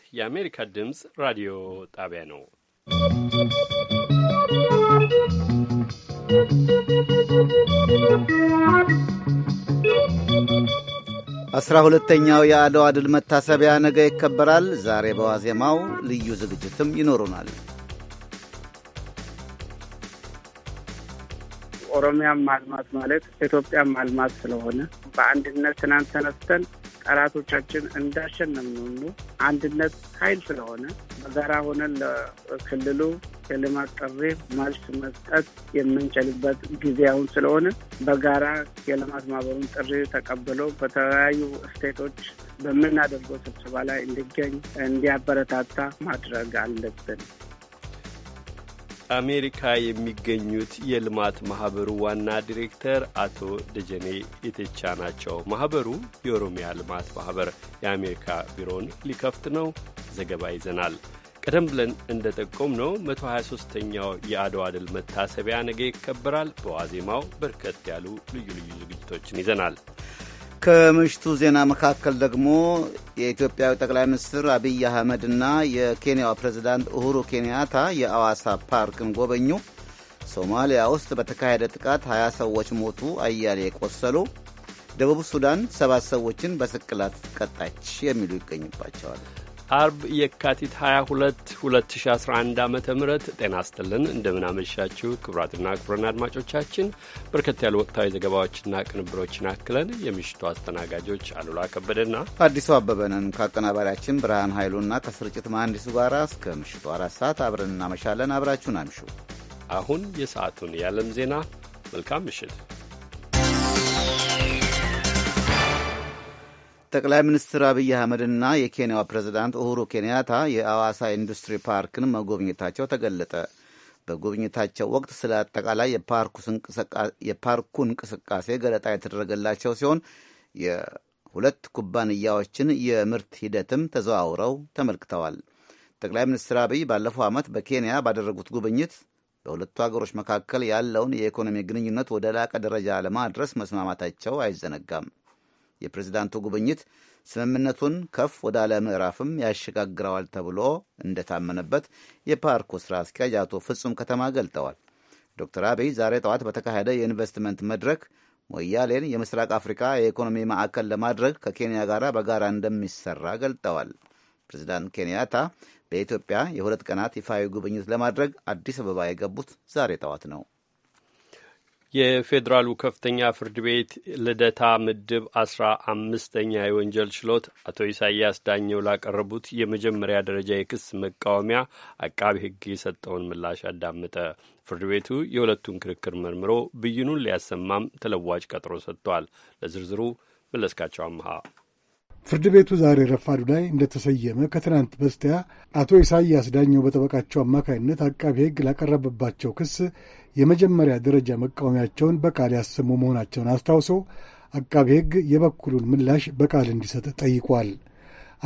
ይህ የአሜሪካ ድምፅ ራዲዮ ጣቢያ ነው። አስራ ሁለተኛው የአድዋ ድል መታሰቢያ ነገ ይከበራል። ዛሬ በዋዜማው ልዩ ዝግጅትም ይኖሩናል። ኦሮሚያን ማልማት ማለት ኢትዮጵያን ማልማት ስለሆነ በአንድነት ትናንት ተነስተን ጠላቶቻችን እንዳሸነፍን ሁሉ አንድነት ኃይል ስለሆነ በጋራ ሆነን ለክልሉ የልማት ጥሪ መልስ መስጠት የምንችልበት ጊዜ አሁን ስለሆነ በጋራ የልማት ማህበሩን ጥሪ ተቀብሎ በተለያዩ ስቴቶች በምናደርገው ስብሰባ ላይ እንዲገኝ እንዲያበረታታ ማድረግ አለብን። አሜሪካ የሚገኙት የልማት ማህበሩ ዋና ዲሬክተር አቶ ደጀኔ ኢቴቻ ናቸው። ማህበሩ የኦሮሚያ ልማት ማህበር የአሜሪካ ቢሮውን ሊከፍት ነው። ዘገባ ይዘናል። ቀደም ብለን እንደ ጠቆም ነው 123ኛው የአድዋ ድል መታሰቢያ ነገ ይከበራል። በዋዜማው በርከት ያሉ ልዩ ልዩ ዝግጅቶችን ይዘናል። ከምሽቱ ዜና መካከል ደግሞ የኢትዮጵያዊ ጠቅላይ ሚኒስትር አብይ አህመድና የኬንያው ፕሬዝዳንት ኡሁሩ ኬንያታ የአዋሳ ፓርክን ጎበኙ። ሶማሊያ ውስጥ በተካሄደ ጥቃት 20 ሰዎች ሞቱ፣ አያሌ የቆሰሉ፣ ደቡብ ሱዳን ሰባት ሰዎችን በስቅላት ቀጣች የሚሉ ይገኙባቸዋል። አርብ የካቲት 22 2011 ዓ ም ጤና ስጥልን እንደምናመሻችሁ ክቡራትና ክቡራን አድማጮቻችን በርከት ያሉ ወቅታዊ ዘገባዎችና ቅንብሮችን አክለን የምሽቱ አስተናጋጆች አሉላ ከበደና አዲሱ አበበንን ከአቀናባሪያችን ብርሃን ኃይሉና ከስርጭት መሐንዲሱ ጋር እስከ ምሽቱ አራት ሰዓት አብረን እናመሻለን። አብራችሁን አምሹ። አሁን የሰዓቱን የዓለም ዜና። መልካም ምሽት ጠቅላይ ሚኒስትር አብይ አህመድና የኬንያው ፕሬዝዳንት ኡሁሩ ኬንያታ የአዋሳ ኢንዱስትሪ ፓርክን መጎብኘታቸው ተገለጠ። በጉብኝታቸው ወቅት ስለ አጠቃላይ የፓርኩ እንቅስቃሴ ገለጣ የተደረገላቸው ሲሆን የሁለት ኩባንያዎችን የምርት ሂደትም ተዘዋውረው ተመልክተዋል። ጠቅላይ ሚኒስትር አብይ ባለፈው ዓመት በኬንያ ባደረጉት ጉብኝት በሁለቱ ሀገሮች መካከል ያለውን የኢኮኖሚ ግንኙነት ወደ ላቀ ደረጃ ለማድረስ መስማማታቸው አይዘነጋም። የፕሬዚዳንቱ ጉብኝት ስምምነቱን ከፍ ወዳለ ምዕራፍም ያሸጋግረዋል ተብሎ እንደታመነበት የፓርኩ ስራ አስኪያጅ አቶ ፍጹም ከተማ ገልጠዋል። ዶክተር አብይ ዛሬ ጠዋት በተካሄደ የኢንቨስትመንት መድረክ ሞያሌን የምስራቅ አፍሪካ የኢኮኖሚ ማዕከል ለማድረግ ከኬንያ ጋር በጋራ እንደሚሰራ ገልጠዋል። ፕሬዚዳንት ኬንያታ በኢትዮጵያ የሁለት ቀናት ይፋዊ ጉብኝት ለማድረግ አዲስ አበባ የገቡት ዛሬ ጠዋት ነው። የፌዴራሉ ከፍተኛ ፍርድ ቤት ልደታ ምድብ አስራ አምስተኛ የወንጀል ችሎት አቶ ኢሳያስ ዳኘው ላቀረቡት የመጀመሪያ ደረጃ የክስ መቃወሚያ አቃቢ ሕግ የሰጠውን ምላሽ አዳመጠ። ፍርድ ቤቱ የሁለቱን ክርክር መርምሮ ብይኑን ሊያሰማም ተለዋጭ ቀጥሮ ሰጥቷል። ለዝርዝሩ መለስካቸው አምሃ ፍርድ ቤቱ ዛሬ ረፋዱ ላይ እንደተሰየመ ከትናንት በስቲያ አቶ ኢሳያስ ዳኘው በጠበቃቸው አማካይነት አቃቢ ሕግ ላቀረበባቸው ክስ የመጀመሪያ ደረጃ መቃወሚያቸውን በቃል ያሰሙ መሆናቸውን አስታውሶ አቃቤ ሕግ የበኩሉን ምላሽ በቃል እንዲሰጥ ጠይቋል።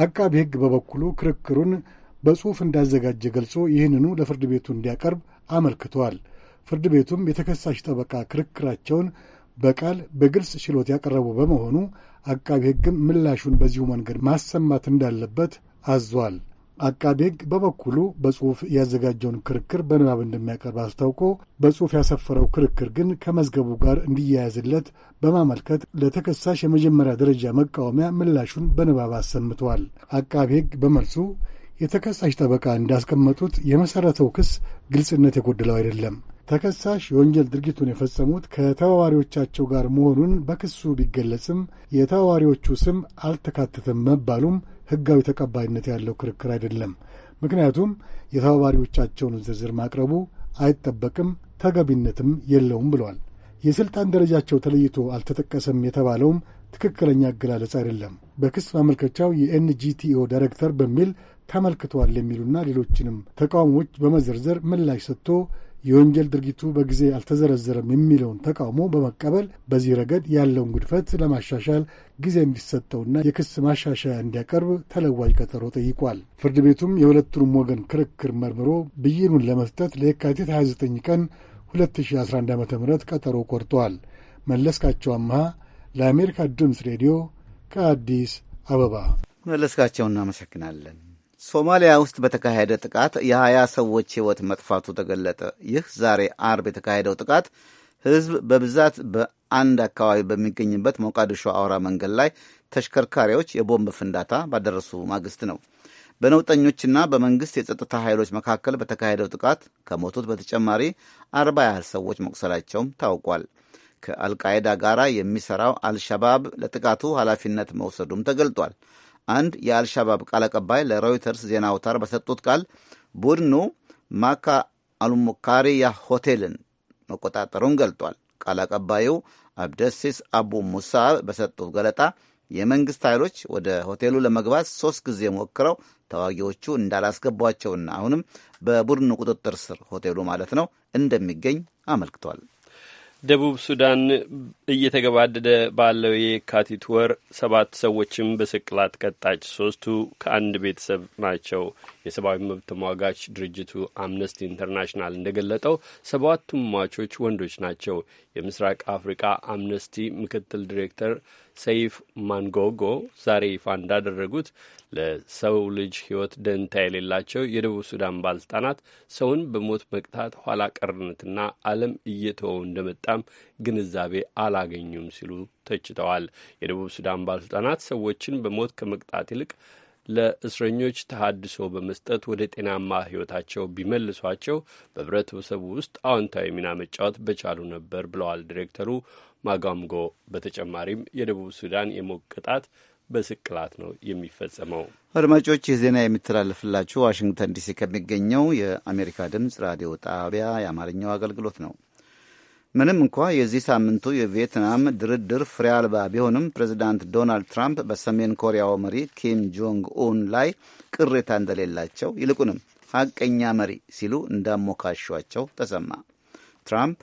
አቃቤ ሕግ በበኩሉ ክርክሩን በጽሑፍ እንዳዘጋጀ ገልጾ ይህንኑ ለፍርድ ቤቱ እንዲያቀርብ አመልክቷል። ፍርድ ቤቱም የተከሳሽ ጠበቃ ክርክራቸውን በቃል በግልጽ ችሎት ያቀረቡ በመሆኑ አቃቤ ሕግም ምላሹን በዚሁ መንገድ ማሰማት እንዳለበት አዟል። አቃቤ ሕግ በበኩሉ በጽሑፍ ያዘጋጀውን ክርክር በንባብ እንደሚያቀርብ አስታውቆ በጽሑፍ ያሰፈረው ክርክር ግን ከመዝገቡ ጋር እንዲያያዝለት በማመልከት ለተከሳሽ የመጀመሪያ ደረጃ መቃወሚያ ምላሹን በንባብ አሰምተዋል። አቃቤ ሕግ በመልሱ የተከሳሽ ጠበቃ እንዳስቀመጡት የመሠረተው ክስ ግልጽነት የጎደለው አይደለም። ተከሳሽ የወንጀል ድርጊቱን የፈጸሙት ከተባባሪዎቻቸው ጋር መሆኑን በክሱ ቢገለጽም የተባባሪዎቹ ስም አልተካተተም መባሉም ሕጋዊ ተቀባይነት ያለው ክርክር አይደለም። ምክንያቱም የተባባሪዎቻቸውን ዝርዝር ማቅረቡ አይጠበቅም፣ ተገቢነትም የለውም ብሏል። የሥልጣን ደረጃቸው ተለይቶ አልተጠቀሰም የተባለውም ትክክለኛ አገላለጽ አይደለም። በክስ ማመልከቻው የኤንጂቲኦ ዳይሬክተር በሚል ተመልክቷል የሚሉና ሌሎችንም ተቃውሞዎች በመዘርዘር ምላሽ ሰጥቶ የወንጀል ድርጊቱ በጊዜ አልተዘረዘረም የሚለውን ተቃውሞ በመቀበል በዚህ ረገድ ያለውን ግድፈት ለማሻሻል ጊዜ እንዲሰጠውና የክስ ማሻሻያ እንዲያቀርብ ተለዋጅ ቀጠሮ ጠይቋል። ፍርድ ቤቱም የሁለቱንም ወገን ክርክር መርምሮ ብይኑን ለመስጠት ለየካቲት 29 ቀን 2011 ዓ ም ቀጠሮ ቆርጠዋል። መለስካቸው አምሃ ለአሜሪካ ድምፅ ሬዲዮ ከአዲስ አበባ መለስካቸው፣ እናመሰግናለን። ሶማሊያ ውስጥ በተካሄደ ጥቃት የሀያ ሰዎች ሕይወት መጥፋቱ ተገለጠ። ይህ ዛሬ አርብ የተካሄደው ጥቃት ህዝብ በብዛት በአንድ አካባቢ በሚገኝበት ሞቃዲሾ አውራ መንገድ ላይ ተሽከርካሪዎች የቦምብ ፍንዳታ ባደረሱ ማግስት ነው። በነውጠኞችና በመንግሥት የጸጥታ ኃይሎች መካከል በተካሄደው ጥቃት ከሞቱት በተጨማሪ አርባ ያህል ሰዎች መቁሰላቸውም ታውቋል። ከአልቃይዳ ጋር የሚሠራው አልሸባብ ለጥቃቱ ኃላፊነት መውሰዱም ተገልጧል። አንድ የአልሻባብ ቃል አቀባይ ለሮይተርስ ዜና አውታር በሰጡት ቃል ቡድኑ ማካ አልሙካሪያ ሆቴልን መቆጣጠሩን ገልጧል። ቃል አቀባዩ አብደሲስ አቡ ሙሳ በሰጡት ገለጣ የመንግስት ኃይሎች ወደ ሆቴሉ ለመግባት ሶስት ጊዜ ሞክረው ተዋጊዎቹ እንዳላስገቧቸውና አሁንም በቡድኑ ቁጥጥር ስር ሆቴሉ ማለት ነው እንደሚገኝ አመልክቷል። ደቡብ ሱዳን እየተገባደደ ባለው የካቲት ወር ሰባት ሰዎችም በስቅላት ቀጣች። ሶስቱ ከአንድ ቤተሰብ ናቸው። የሰብአዊ መብት ተሟጋች ድርጅቱ አምነስቲ ኢንተርናሽናል እንደገለጠው ሰባቱም ሟቾች ወንዶች ናቸው። የምስራቅ አፍሪቃ አምነስቲ ምክትል ዲሬክተር ሰይፍ ማንጎጎ ዛሬ ይፋ እንዳደረጉት ለሰው ልጅ ሕይወት ደንታ የሌላቸው የደቡብ ሱዳን ባለስልጣናት ሰውን በሞት መቅጣት ኋላ ቀርነትና ዓለም እየተወው እንደመጣም ግንዛቤ አላገኙም ሲሉ ተችተዋል። የደቡብ ሱዳን ባለስልጣናት ሰዎችን በሞት ከመቅጣት ይልቅ ለእስረኞች ተሃድሶ በመስጠት ወደ ጤናማ ህይወታቸው ቢመልሷቸው በህብረተሰቡ ውስጥ አዎንታዊ ሚና መጫወት በቻሉ ነበር ብለዋል ዲሬክተሩ ማጋምጎ። በተጨማሪም የደቡብ ሱዳን የሞት ቅጣት በስቅላት ነው የሚፈጸመው። አድማጮች፣ ይህ ዜና የሚተላለፍላችሁ ዋሽንግተን ዲሲ ከሚገኘው የአሜሪካ ድምፅ ራዲዮ ጣቢያ የአማርኛው አገልግሎት ነው። ምንም እንኳ የዚህ ሳምንቱ የቪየትናም ድርድር ፍሬ አልባ ቢሆንም ፕሬዚዳንት ዶናልድ ትራምፕ በሰሜን ኮሪያው መሪ ኪም ጆንግ ኡን ላይ ቅሬታ እንደሌላቸው ይልቁንም ሐቀኛ መሪ ሲሉ እንዳሞካሿቸው ተሰማ። ትራምፕ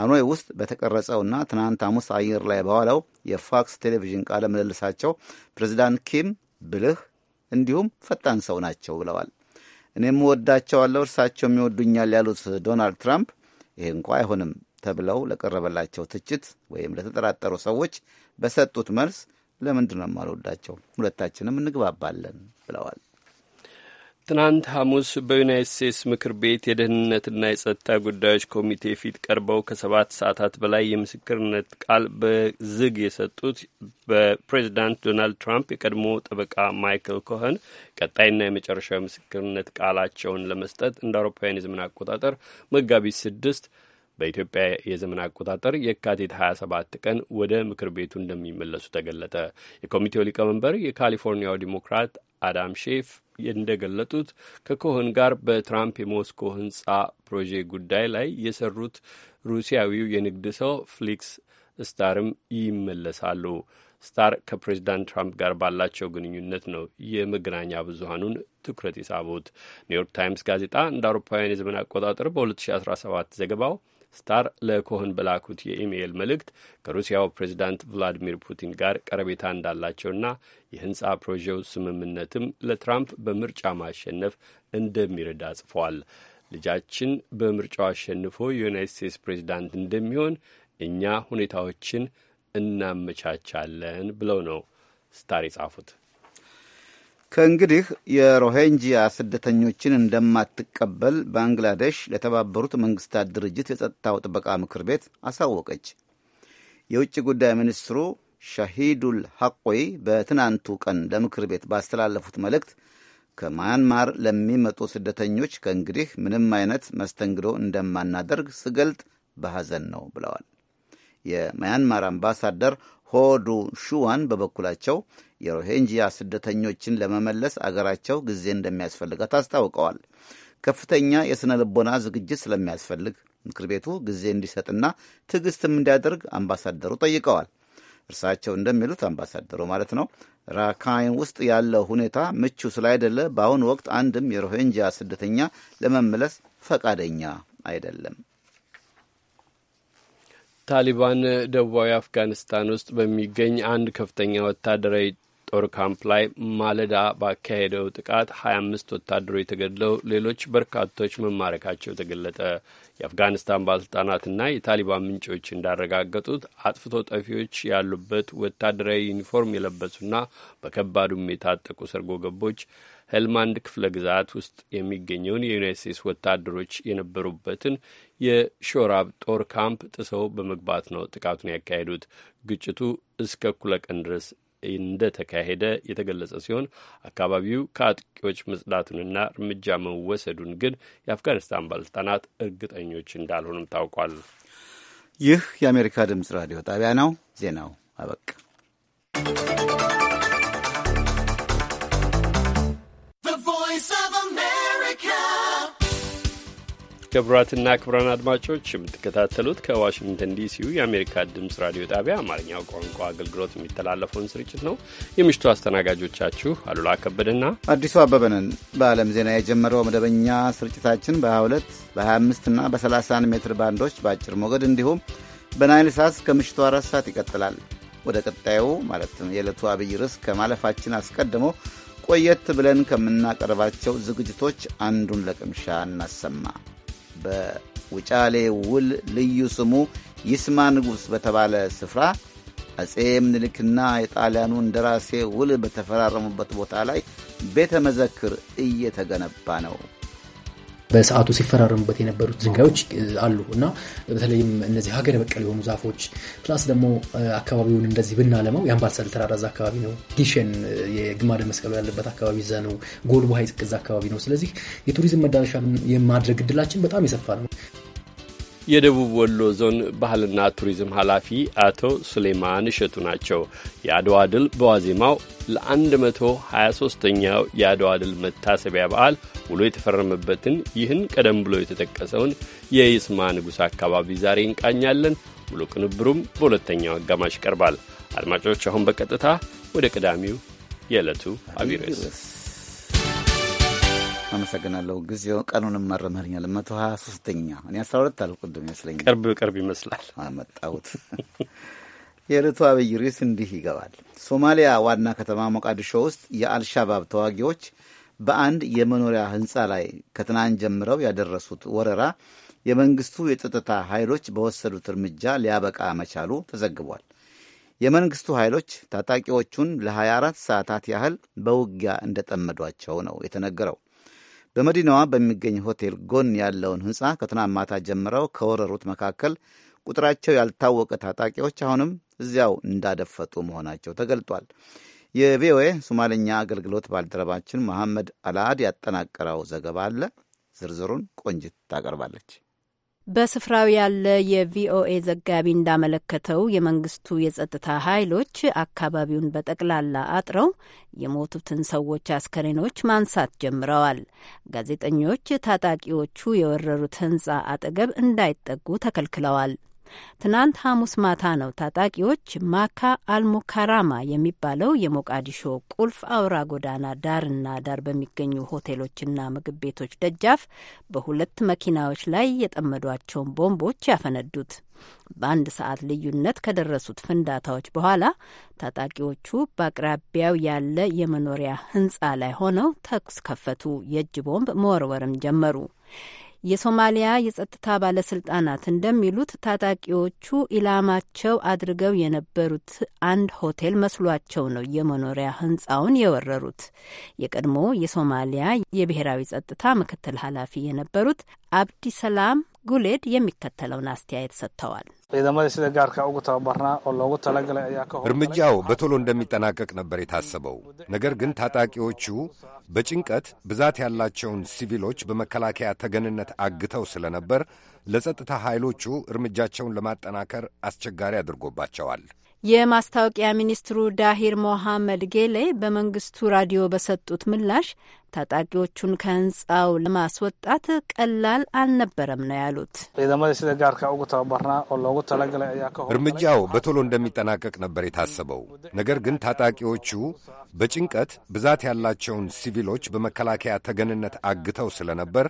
ሃኖይ ውስጥ በተቀረጸውና ትናንት ሐሙስ አየር ላይ በዋለው የፋክስ ቴሌቪዥን ቃለ ምልልሳቸው ፕሬዚዳንት ኪም ብልህ እንዲሁም ፈጣን ሰው ናቸው ብለዋል። እኔም እወዳቸዋለሁ፣ እርሳቸው የሚወዱኛል ያሉት ዶናልድ ትራምፕ ይሄ እንኳ አይሆንም ተብለው ለቀረበላቸው ትችት ወይም ለተጠራጠሩ ሰዎች በሰጡት መልስ ለምንድን ነው የማልወዳቸው? ሁለታችንም እንግባባለን ብለዋል። ትናንት ሐሙስ በዩናይት ስቴትስ ምክር ቤት የደህንነትና የጸጥታ ጉዳዮች ኮሚቴ ፊት ቀርበው ከሰባት ሰዓታት በላይ የምስክርነት ቃል በዝግ የሰጡት በፕሬዚዳንት ዶናልድ ትራምፕ የቀድሞ ጠበቃ ማይክል ኮኸን ቀጣይና የመጨረሻው የምስክርነት ቃላቸውን ለመስጠት እንደ አውሮፓውያን የዘመን አቆጣጠር መጋቢት ስድስት በኢትዮጵያ የዘመን አቆጣጠር የካቲት 27 ቀን ወደ ምክር ቤቱ እንደሚመለሱ ተገለጠ። የኮሚቴው ሊቀመንበር የካሊፎርኒያው ዲሞክራት አዳም ሼፍ እንደገለጡት ከኮህን ጋር በትራምፕ የሞስኮ ህንፃ ፕሮጄ ጉዳይ ላይ የሰሩት ሩሲያዊው የንግድ ሰው ፍሊክስ ስታርም ይመለሳሉ። ስታር ከፕሬዚዳንት ትራምፕ ጋር ባላቸው ግንኙነት ነው የመገናኛ ብዙሀኑን ትኩረት የሳቡት። ኒውዮርክ ታይምስ ጋዜጣ እንደ አውሮፓውያን የዘመን አቆጣጠር በ2017 ዘገባው ስታር ለኮህን በላኩት የኢሜይል መልእክት ከሩሲያው ፕሬዚዳንት ቭላዲሚር ፑቲን ጋር ቀረቤታ እንዳላቸውና የህንፃ ፕሮጀው ስምምነትም ለትራምፕ በምርጫ ማሸነፍ እንደሚረዳ ጽፏል። ልጃችን በምርጫው አሸንፎ የዩናይት ስቴትስ ፕሬዚዳንት እንደሚሆን እኛ ሁኔታዎችን እናመቻቻለን ብለው ነው ስታር የጻፉት። ከእንግዲህ የሮሄንጂያ ስደተኞችን እንደማትቀበል ባንግላዴሽ ለተባበሩት መንግስታት ድርጅት የጸጥታው ጥበቃ ምክር ቤት አሳወቀች። የውጭ ጉዳይ ሚኒስትሩ ሻሂዱል ሐቆይ በትናንቱ ቀን ለምክር ቤት ባስተላለፉት መልእክት ከማያንማር ለሚመጡ ስደተኞች ከእንግዲህ ምንም አይነት መስተንግዶ እንደማናደርግ ስገልጥ በሐዘን ነው ብለዋል። የማያንማር አምባሳደር ሆዱ ሹዋን በበኩላቸው የሮሄንጂያ ስደተኞችን ለመመለስ አገራቸው ጊዜ እንደሚያስፈልጋት አስታውቀዋል። ከፍተኛ የሥነ ልቦና ዝግጅት ስለሚያስፈልግ ምክር ቤቱ ጊዜ እንዲሰጥና ትዕግስትም እንዲያደርግ አምባሳደሩ ጠይቀዋል። እርሳቸው እንደሚሉት አምባሳደሩ ማለት ነው፣ ራካይን ውስጥ ያለው ሁኔታ ምቹ ስላይደለ በአሁኑ ወቅት አንድም የሮሄንጂያ ስደተኛ ለመመለስ ፈቃደኛ አይደለም። ታሊባን ደቡባዊ አፍጋኒስታን ውስጥ በሚገኝ አንድ ከፍተኛ ወታደራዊ ጦር ካምፕ ላይ ማለዳ ባካሄደው ጥቃት 25 ወታደሮች ተገድለው ሌሎች በርካቶች መማረካቸው ተገለጠ። የአፍጋኒስታን ባለስልጣናትና የታሊባን ምንጮች እንዳረጋገጡት አጥፍቶ ጠፊዎች ያሉበት ወታደራዊ ዩኒፎርም የለበሱና በከባዱም የታጠቁ ሰርጎ ገቦች ሄልማንድ ክፍለ ግዛት ውስጥ የሚገኘውን የዩናይት ስቴትስ ወታደሮች የነበሩበትን የሾራብ ጦር ካምፕ ጥሰው በመግባት ነው ጥቃቱን ያካሄዱት። ግጭቱ እስከ እኩለ ቀን ድረስ እንደተካሄደ የተገለጸ ሲሆን አካባቢው ከአጥቂዎች መጽዳቱንና እርምጃ መወሰዱን ግን የአፍጋኒስታን ባለስልጣናት እርግጠኞች እንዳልሆኑም ታውቋል። ይህ የአሜሪካ ድምፅ ራዲዮ ጣቢያ ነው። ዜናው አበቃ። ክቡራትና ክቡራን አድማጮች የምትከታተሉት ከዋሽንግተን ዲሲው የአሜሪካ ድምፅ ራዲዮ ጣቢያ አማርኛው ቋንቋ አገልግሎት የሚተላለፈውን ስርጭት ነው። የምሽቱ አስተናጋጆቻችሁ አሉላ ከበደና አዲሱ አበበንን። በዓለም ዜና የጀመረው መደበኛ ስርጭታችን በ22 በ25 እና በ31 ሜትር ባንዶች በአጭር ሞገድ እንዲሁም በናይል ሳት ከምሽቱ አራት ሰዓት ይቀጥላል። ወደ ቀጣዩ ማለትም የዕለቱ አብይ ርዕስ ከማለፋችን አስቀድሞ ቆየት ብለን ከምናቀርባቸው ዝግጅቶች አንዱን ለቅምሻ እናሰማ። በውጫሌ ውል ልዩ ስሙ ይስማ ንጉሥ በተባለ ስፍራ አጼ ምኒልክና የጣሊያኑ እንደራሴ ውል በተፈራረሙበት ቦታ ላይ ቤተ መዘክር እየተገነባ ነው። በሰዓቱ ሲፈራረሙበት የነበሩት ድንጋዮች አሉ እና በተለይም እነዚህ ሀገር በቀል የሆኑ ዛፎች ፕላስ ደግሞ አካባቢውን እንደዚህ ብናለመው የአምባሰል ተራራዛ አካባቢ ነው። ጊሸን የግማደ መስቀሉ ያለበት አካባቢ ዘ ነው። ጎልቡ ሀይቅ እዛ አካባቢ ነው። ስለዚህ የቱሪዝም መዳረሻ የማድረግ እድላችን በጣም የሰፋ ነው። የደቡብ ወሎ ዞን ባህልና ቱሪዝም ኃላፊ አቶ ሱሌማን እሸቱ ናቸው። የአድዋ ድል በዋዜማው ለ123ኛው የአድዋ ድል መታሰቢያ በዓል ውሎ የተፈረመበትን ይህን ቀደም ብሎ የተጠቀሰውን የይስማ ንጉሥ አካባቢ ዛሬ እንቃኛለን። ሙሉ ቅንብሩም በሁለተኛው አጋማሽ ይቀርባል። አድማጮች፣ አሁን በቀጥታ ወደ ቀዳሚው የዕለቱ አቢረስ አመሰግናለሁ። ጊዜው ቀኑንም መረመርኛል። መቶ ሀያ ሶስተኛ እኔ አስራ ሁለት አልኩ ቅድም ይመስለኛል። ቅርብ ቅርብ ይመስላል። አመጣሁት። የዕለቱ አብይ ርዕስ እንዲህ ይገባል። ሶማሊያ ዋና ከተማ ሞቃዲሾ ውስጥ የአልሻባብ ተዋጊዎች በአንድ የመኖሪያ ህንፃ ላይ ከትናንት ጀምረው ያደረሱት ወረራ የመንግስቱ የጸጥታ ኃይሎች በወሰዱት እርምጃ ሊያበቃ መቻሉ ተዘግቧል። የመንግስቱ ኃይሎች ታጣቂዎቹን ለ24 ሰዓታት ያህል በውጊያ እንደጠመዷቸው ነው የተነገረው። በመዲናዋ በሚገኝ ሆቴል ጎን ያለውን ህንፃ ከትናንት ማታ ጀምረው ከወረሩት መካከል ቁጥራቸው ያልታወቀ ታጣቂዎች አሁንም እዚያው እንዳደፈጡ መሆናቸው ተገልጧል። የቪኦኤ ሶማልኛ አገልግሎት ባልደረባችን መሐመድ አላድ ያጠናቀረው ዘገባ አለ። ዝርዝሩን ቆንጅት ታቀርባለች። በስፍራው ያለ የቪኦኤ ዘጋቢ እንዳመለከተው የመንግስቱ የጸጥታ ኃይሎች አካባቢውን በጠቅላላ አጥረው የሞቱትን ሰዎች አስከሬኖች ማንሳት ጀምረዋል። ጋዜጠኞች ታጣቂዎቹ የወረሩት ሕንጻ አጠገብ እንዳይጠጉ ተከልክለዋል። ትናንት ሐሙስ ማታ ነው ታጣቂዎች ማካ አልሙካራማ የሚባለው የሞቃዲሾ ቁልፍ አውራ ጎዳና ዳርና ዳር በሚገኙ ሆቴሎችና ምግብ ቤቶች ደጃፍ በሁለት መኪናዎች ላይ የጠመዷቸውን ቦምቦች ያፈነዱት። በአንድ ሰዓት ልዩነት ከደረሱት ፍንዳታዎች በኋላ ታጣቂዎቹ በአቅራቢያው ያለ የመኖሪያ ህንጻ ላይ ሆነው ተኩስ ከፈቱ። የእጅ ቦምብ መወርወርም ጀመሩ። የሶማሊያ የጸጥታ ባለስልጣናት እንደሚሉት ታጣቂዎቹ ኢላማቸው አድርገው የነበሩት አንድ ሆቴል መስሏቸው ነው የመኖሪያ ህንጻውን የወረሩት። የቀድሞ የሶማሊያ የብሔራዊ ጸጥታ ምክትል ኃላፊ የነበሩት አብዲሰላም ጉሌድ የሚከተለውን አስተያየት ሰጥተዋል። ciidamada sida gaarka ugu tababarnaa oo loogu talagalay ayaa ka እርምጃው በቶሎ እንደሚጠናቀቅ ነበር የታሰበው። ነገር ግን ታጣቂዎቹ በጭንቀት ብዛት ያላቸውን ሲቪሎች በመከላከያ ተገንነት አግተው ስለነበር ለጸጥታ ኃይሎቹ እርምጃቸውን ለማጠናከር አስቸጋሪ አድርጎባቸዋል። የማስታወቂያ ሚኒስትሩ ዳሂር ሞሐመድ ጌሌ በመንግስቱ ራዲዮ በሰጡት ምላሽ ታጣቂዎቹን ከህንፃው ለማስወጣት ቀላል አልነበረም ነው ያሉት። እርምጃው በቶሎ እንደሚጠናቀቅ ነበር የታሰበው። ነገር ግን ታጣቂዎቹ በጭንቀት ብዛት ያላቸውን ሲቪሎች በመከላከያ ተገንነት አግተው ስለነበር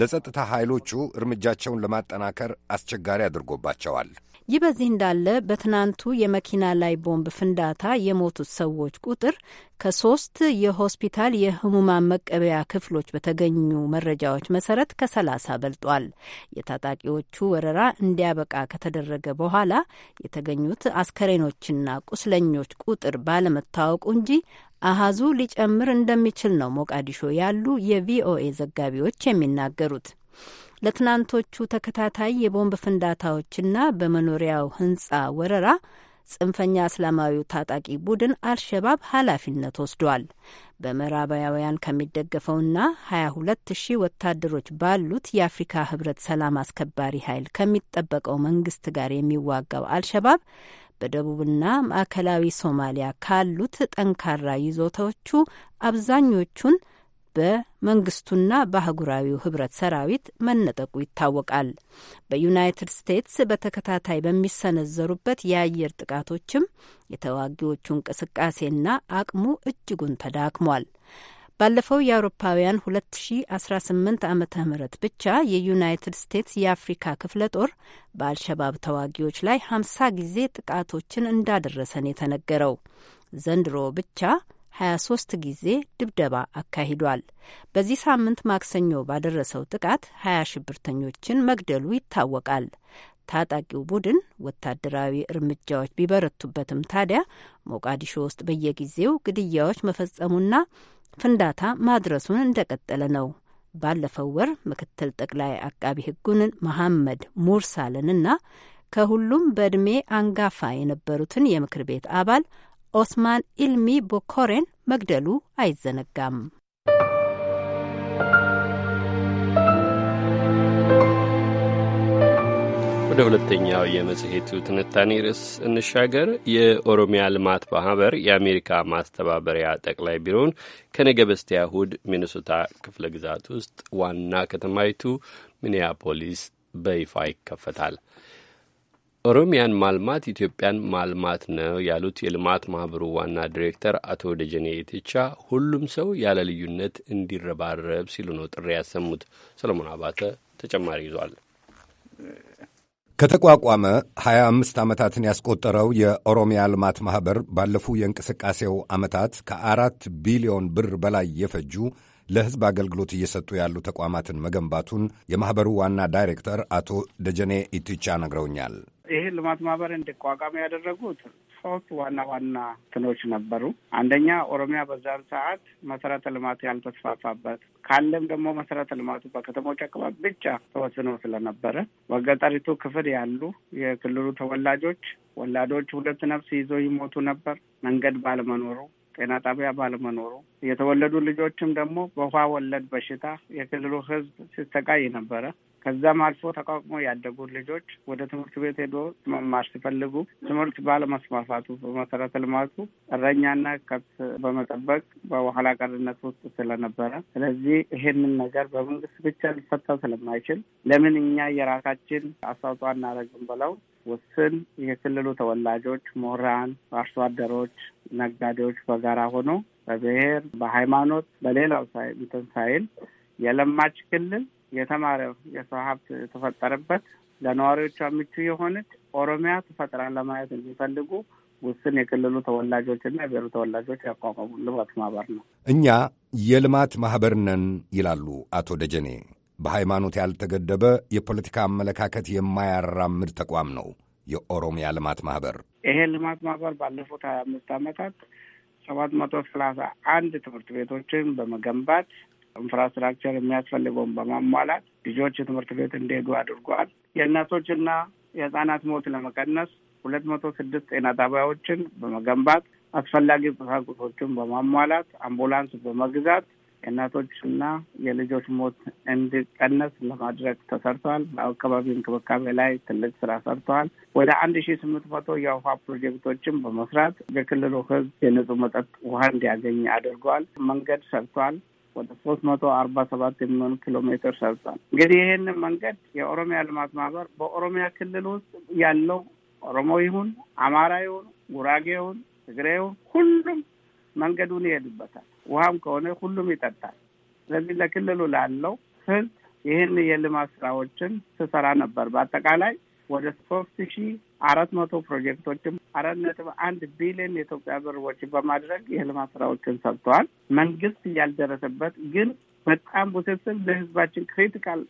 ለጸጥታ ኃይሎቹ እርምጃቸውን ለማጠናከር አስቸጋሪ አድርጎባቸዋል። ይህ በዚህ እንዳለ በትናንቱ የመኪና ላይ ቦምብ ፍንዳታ የሞቱት ሰዎች ቁጥር ከሶስት የሆስፒታል የህሙማን መቀበያ ክፍሎች በተገኙ መረጃዎች መሰረት ከሰላሳ በልጧል። የታጣቂዎቹ ወረራ እንዲያበቃ ከተደረገ በኋላ የተገኙት አስከሬኖችና ቁስለኞች ቁጥር ባለመታወቁ እንጂ አሃዙ ሊጨምር እንደሚችል ነው ሞቃዲሾ ያሉ የቪኦኤ ዘጋቢዎች የሚናገሩት። ለትናንቶቹ ተከታታይ የቦምብ ፍንዳታዎችና በመኖሪያው ህንጻ ወረራ ጽንፈኛ እስላማዊ ታጣቂ ቡድን አልሸባብ ኃላፊነት ወስዷል። በምዕራባውያን ከሚደገፈውና 22 ሺህ ወታደሮች ባሉት የአፍሪካ ህብረት ሰላም አስከባሪ ኃይል ከሚጠበቀው መንግስት ጋር የሚዋጋው አልሸባብ በደቡብና ማዕከላዊ ሶማሊያ ካሉት ጠንካራ ይዞታዎቹ አብዛኞቹን በመንግስቱና በአህጉራዊው ህብረት ሰራዊት መነጠቁ ይታወቃል። በዩናይትድ ስቴትስ በተከታታይ በሚሰነዘሩበት የአየር ጥቃቶችም የተዋጊዎቹ እንቅስቃሴና አቅሙ እጅጉን ተዳክሟል። ባለፈው የአውሮፓውያን 2018 ዓ ም ብቻ የዩናይትድ ስቴትስ የአፍሪካ ክፍለ ጦር በአልሸባብ ተዋጊዎች ላይ 50 ጊዜ ጥቃቶችን እንዳደረሰን የተነገረው ዘንድሮ ብቻ 23 ጊዜ ድብደባ አካሂዷል። በዚህ ሳምንት ማክሰኞ ባደረሰው ጥቃት 20 ሽብርተኞችን መግደሉ ይታወቃል። ታጣቂው ቡድን ወታደራዊ እርምጃዎች ቢበረቱበትም ታዲያ ሞቃዲሾ ውስጥ በየጊዜው ግድያዎች መፈጸሙና ፍንዳታ ማድረሱን እንደቀጠለ ነው። ባለፈው ወር ምክትል ጠቅላይ አቃቢ ሕጉን መሐመድ ሙርሳልንና ከሁሉም በዕድሜ አንጋፋ የነበሩትን የምክር ቤት አባል ኦስማን ኢልሚ ቦኮሬን መግደሉ አይዘነጋም። ወደ ሁለተኛው የመጽሔቱ ትንታኔ ርዕስ እንሻገር። የኦሮሚያ ልማት ማህበር የአሜሪካ ማስተባበሪያ ጠቅላይ ቢሮውን ከነገ በስቲያ እሁድ ሚኒሶታ ክፍለ ግዛት ውስጥ ዋና ከተማይቱ ሚኒያፖሊስ በይፋ ይከፈታል። ኦሮሚያን ማልማት ኢትዮጵያን ማልማት ነው ያሉት የልማት ማህበሩ ዋና ዲሬክተር አቶ ደጀኔ የቴቻ ሁሉም ሰው ያለ ልዩነት እንዲረባረብ ሲሉ ነው ጥሪ ያሰሙት። ሰለሞን አባተ ተጨማሪ ይዟል። ከተቋቋመ 25 ዓመታትን ያስቆጠረው የኦሮሚያ ልማት ማኅበር ባለፉ የእንቅስቃሴው ዓመታት ከአራት ቢሊዮን ብር በላይ የፈጁ ለሕዝብ አገልግሎት እየሰጡ ያሉ ተቋማትን መገንባቱን የማኅበሩ ዋና ዳይሬክተር አቶ ደጀኔ ኢትቻ ነግረውኛል። ይሄ ልማት ማህበር እንዲቋቋም ያደረጉት ሶስት ዋና ዋና ትኖች ነበሩ። አንደኛ ኦሮሚያ በዛን ሰዓት መሰረተ ልማት ያልተስፋፋበት ካለም ደግሞ መሰረተ ልማቱ በከተሞች አካባቢ ብቻ ተወስኖ ስለነበረ በገጠሪቱ ክፍል ያሉ የክልሉ ተወላጆች ወላዶች ሁለት ነፍስ ይዘው ይሞቱ ነበር። መንገድ ባለመኖሩ ጤና ጣቢያ ባለመኖሩ የተወለዱ ልጆችም ደግሞ በውሃ ወለድ በሽታ የክልሉ ሕዝብ ሲሰቃይ ነበረ። ከዛም አልፎ ተቋቁሞ ያደጉ ልጆች ወደ ትምህርት ቤት ሄዶ መማር ሲፈልጉ ትምህርት ባለመስፋፋቱ በመሰረተ ልማቱ እረኛና ከብት በመጠበቅ በኋላ ቀርነት ውስጥ ስለነበረ፣ ስለዚህ ይሄንን ነገር በመንግስት ብቻ ሊፈታ ስለማይችል ለምን እኛ የራሳችን አስተዋጽኦ አናደርግም ብለው ውስን የክልሉ ተወላጆች፣ ምሁራን፣ አርሶ አደሮች፣ ነጋዴዎች በጋራ ሆኖ በብሔር፣ በሃይማኖት፣ በሌላው ሳይል የለማች ክልል የተማረ የሰው ሀብት የተፈጠረበት ለነዋሪዎቿ ምቹ የሆነች ኦሮሚያ ተፈጥራ ለማየት የሚፈልጉ ውስን የክልሉ ተወላጆችና የብሔሩ ተወላጆች ያቋቋሙ ልማት ማህበር ነው። እኛ የልማት ማህበር ነን ይላሉ አቶ ደጀኔ። በሃይማኖት ያልተገደበ የፖለቲካ አመለካከት የማያራምድ ተቋም ነው የኦሮሚያ ልማት ማህበር። ይሄ ልማት ማህበር ባለፉት ሀያ አምስት ዓመታት ሰባት መቶ ሰላሳ አንድ ትምህርት ቤቶችን በመገንባት ኢንፍራስትራክቸር የሚያስፈልገውን በማሟላት ልጆች ትምህርት ቤት እንዲሄዱ አድርጓል። የእናቶችና የህጻናት ሞት ለመቀነስ ሁለት መቶ ስድስት ጤና ጣቢያዎችን በመገንባት አስፈላጊ ቁሳቁሶችን በማሟላት አምቡላንስ በመግዛት የእናቶችና የልጆች ሞት እንዲቀነስ ለማድረግ ተሰርተዋል። በአካባቢ እንክብካቤ ላይ ትልቅ ስራ ሰርተዋል። ወደ አንድ ሺ ስምንት መቶ የውሃ ፕሮጀክቶችን በመስራት የክልሉ ህዝብ የንጹህ መጠጥ ውሃ እንዲያገኝ አድርገዋል። መንገድ ሰርተዋል። ወደ ሶስት መቶ አርባ ሰባት የሚሆኑ ኪሎ ሜትር ሰርቷል። እንግዲህ ይህንን መንገድ የኦሮሚያ ልማት ማህበር በኦሮሚያ ክልል ውስጥ ያለው ኦሮሞ ይሁን አማራ ይሁን ጉራጌ ይሁን ትግሬ ይሁን ሁሉም መንገዱን ይሄድበታል። ውሃም ከሆነ ሁሉም ይጠጣል። ስለዚህ ለክልሉ ላለው ህዝብ ይህን የልማት ስራዎችን ስሰራ ነበር። በአጠቃላይ ወደ ሶስት ሺ አራት መቶ ፕሮጀክቶችን አራት ነጥብ አንድ ቢሊዮን የኢትዮጵያ ብር ወጪ በማድረግ የልማት ስራዎችን ሰርተዋል። መንግስት ያልደረሰበት ግን በጣም ውስብስብ ለህዝባችን ክሪቲካል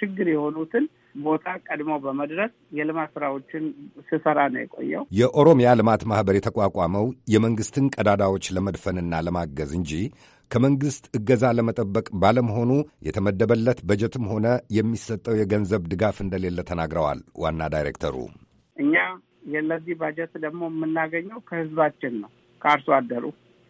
ችግር የሆኑትን ቦታ ቀድሞ በመድረስ የልማት ስራዎችን ስሰራ ነው የቆየው። የኦሮሚያ ልማት ማህበር የተቋቋመው የመንግስትን ቀዳዳዎች ለመድፈንና ለማገዝ እንጂ ከመንግስት እገዛ ለመጠበቅ ባለመሆኑ የተመደበለት በጀትም ሆነ የሚሰጠው የገንዘብ ድጋፍ እንደሌለ ተናግረዋል ዋና ዳይሬክተሩ። እኛ የለዚህ ባጀት ደግሞ የምናገኘው ከህዝባችን ነው፣ ከአርሶ አደሩ፣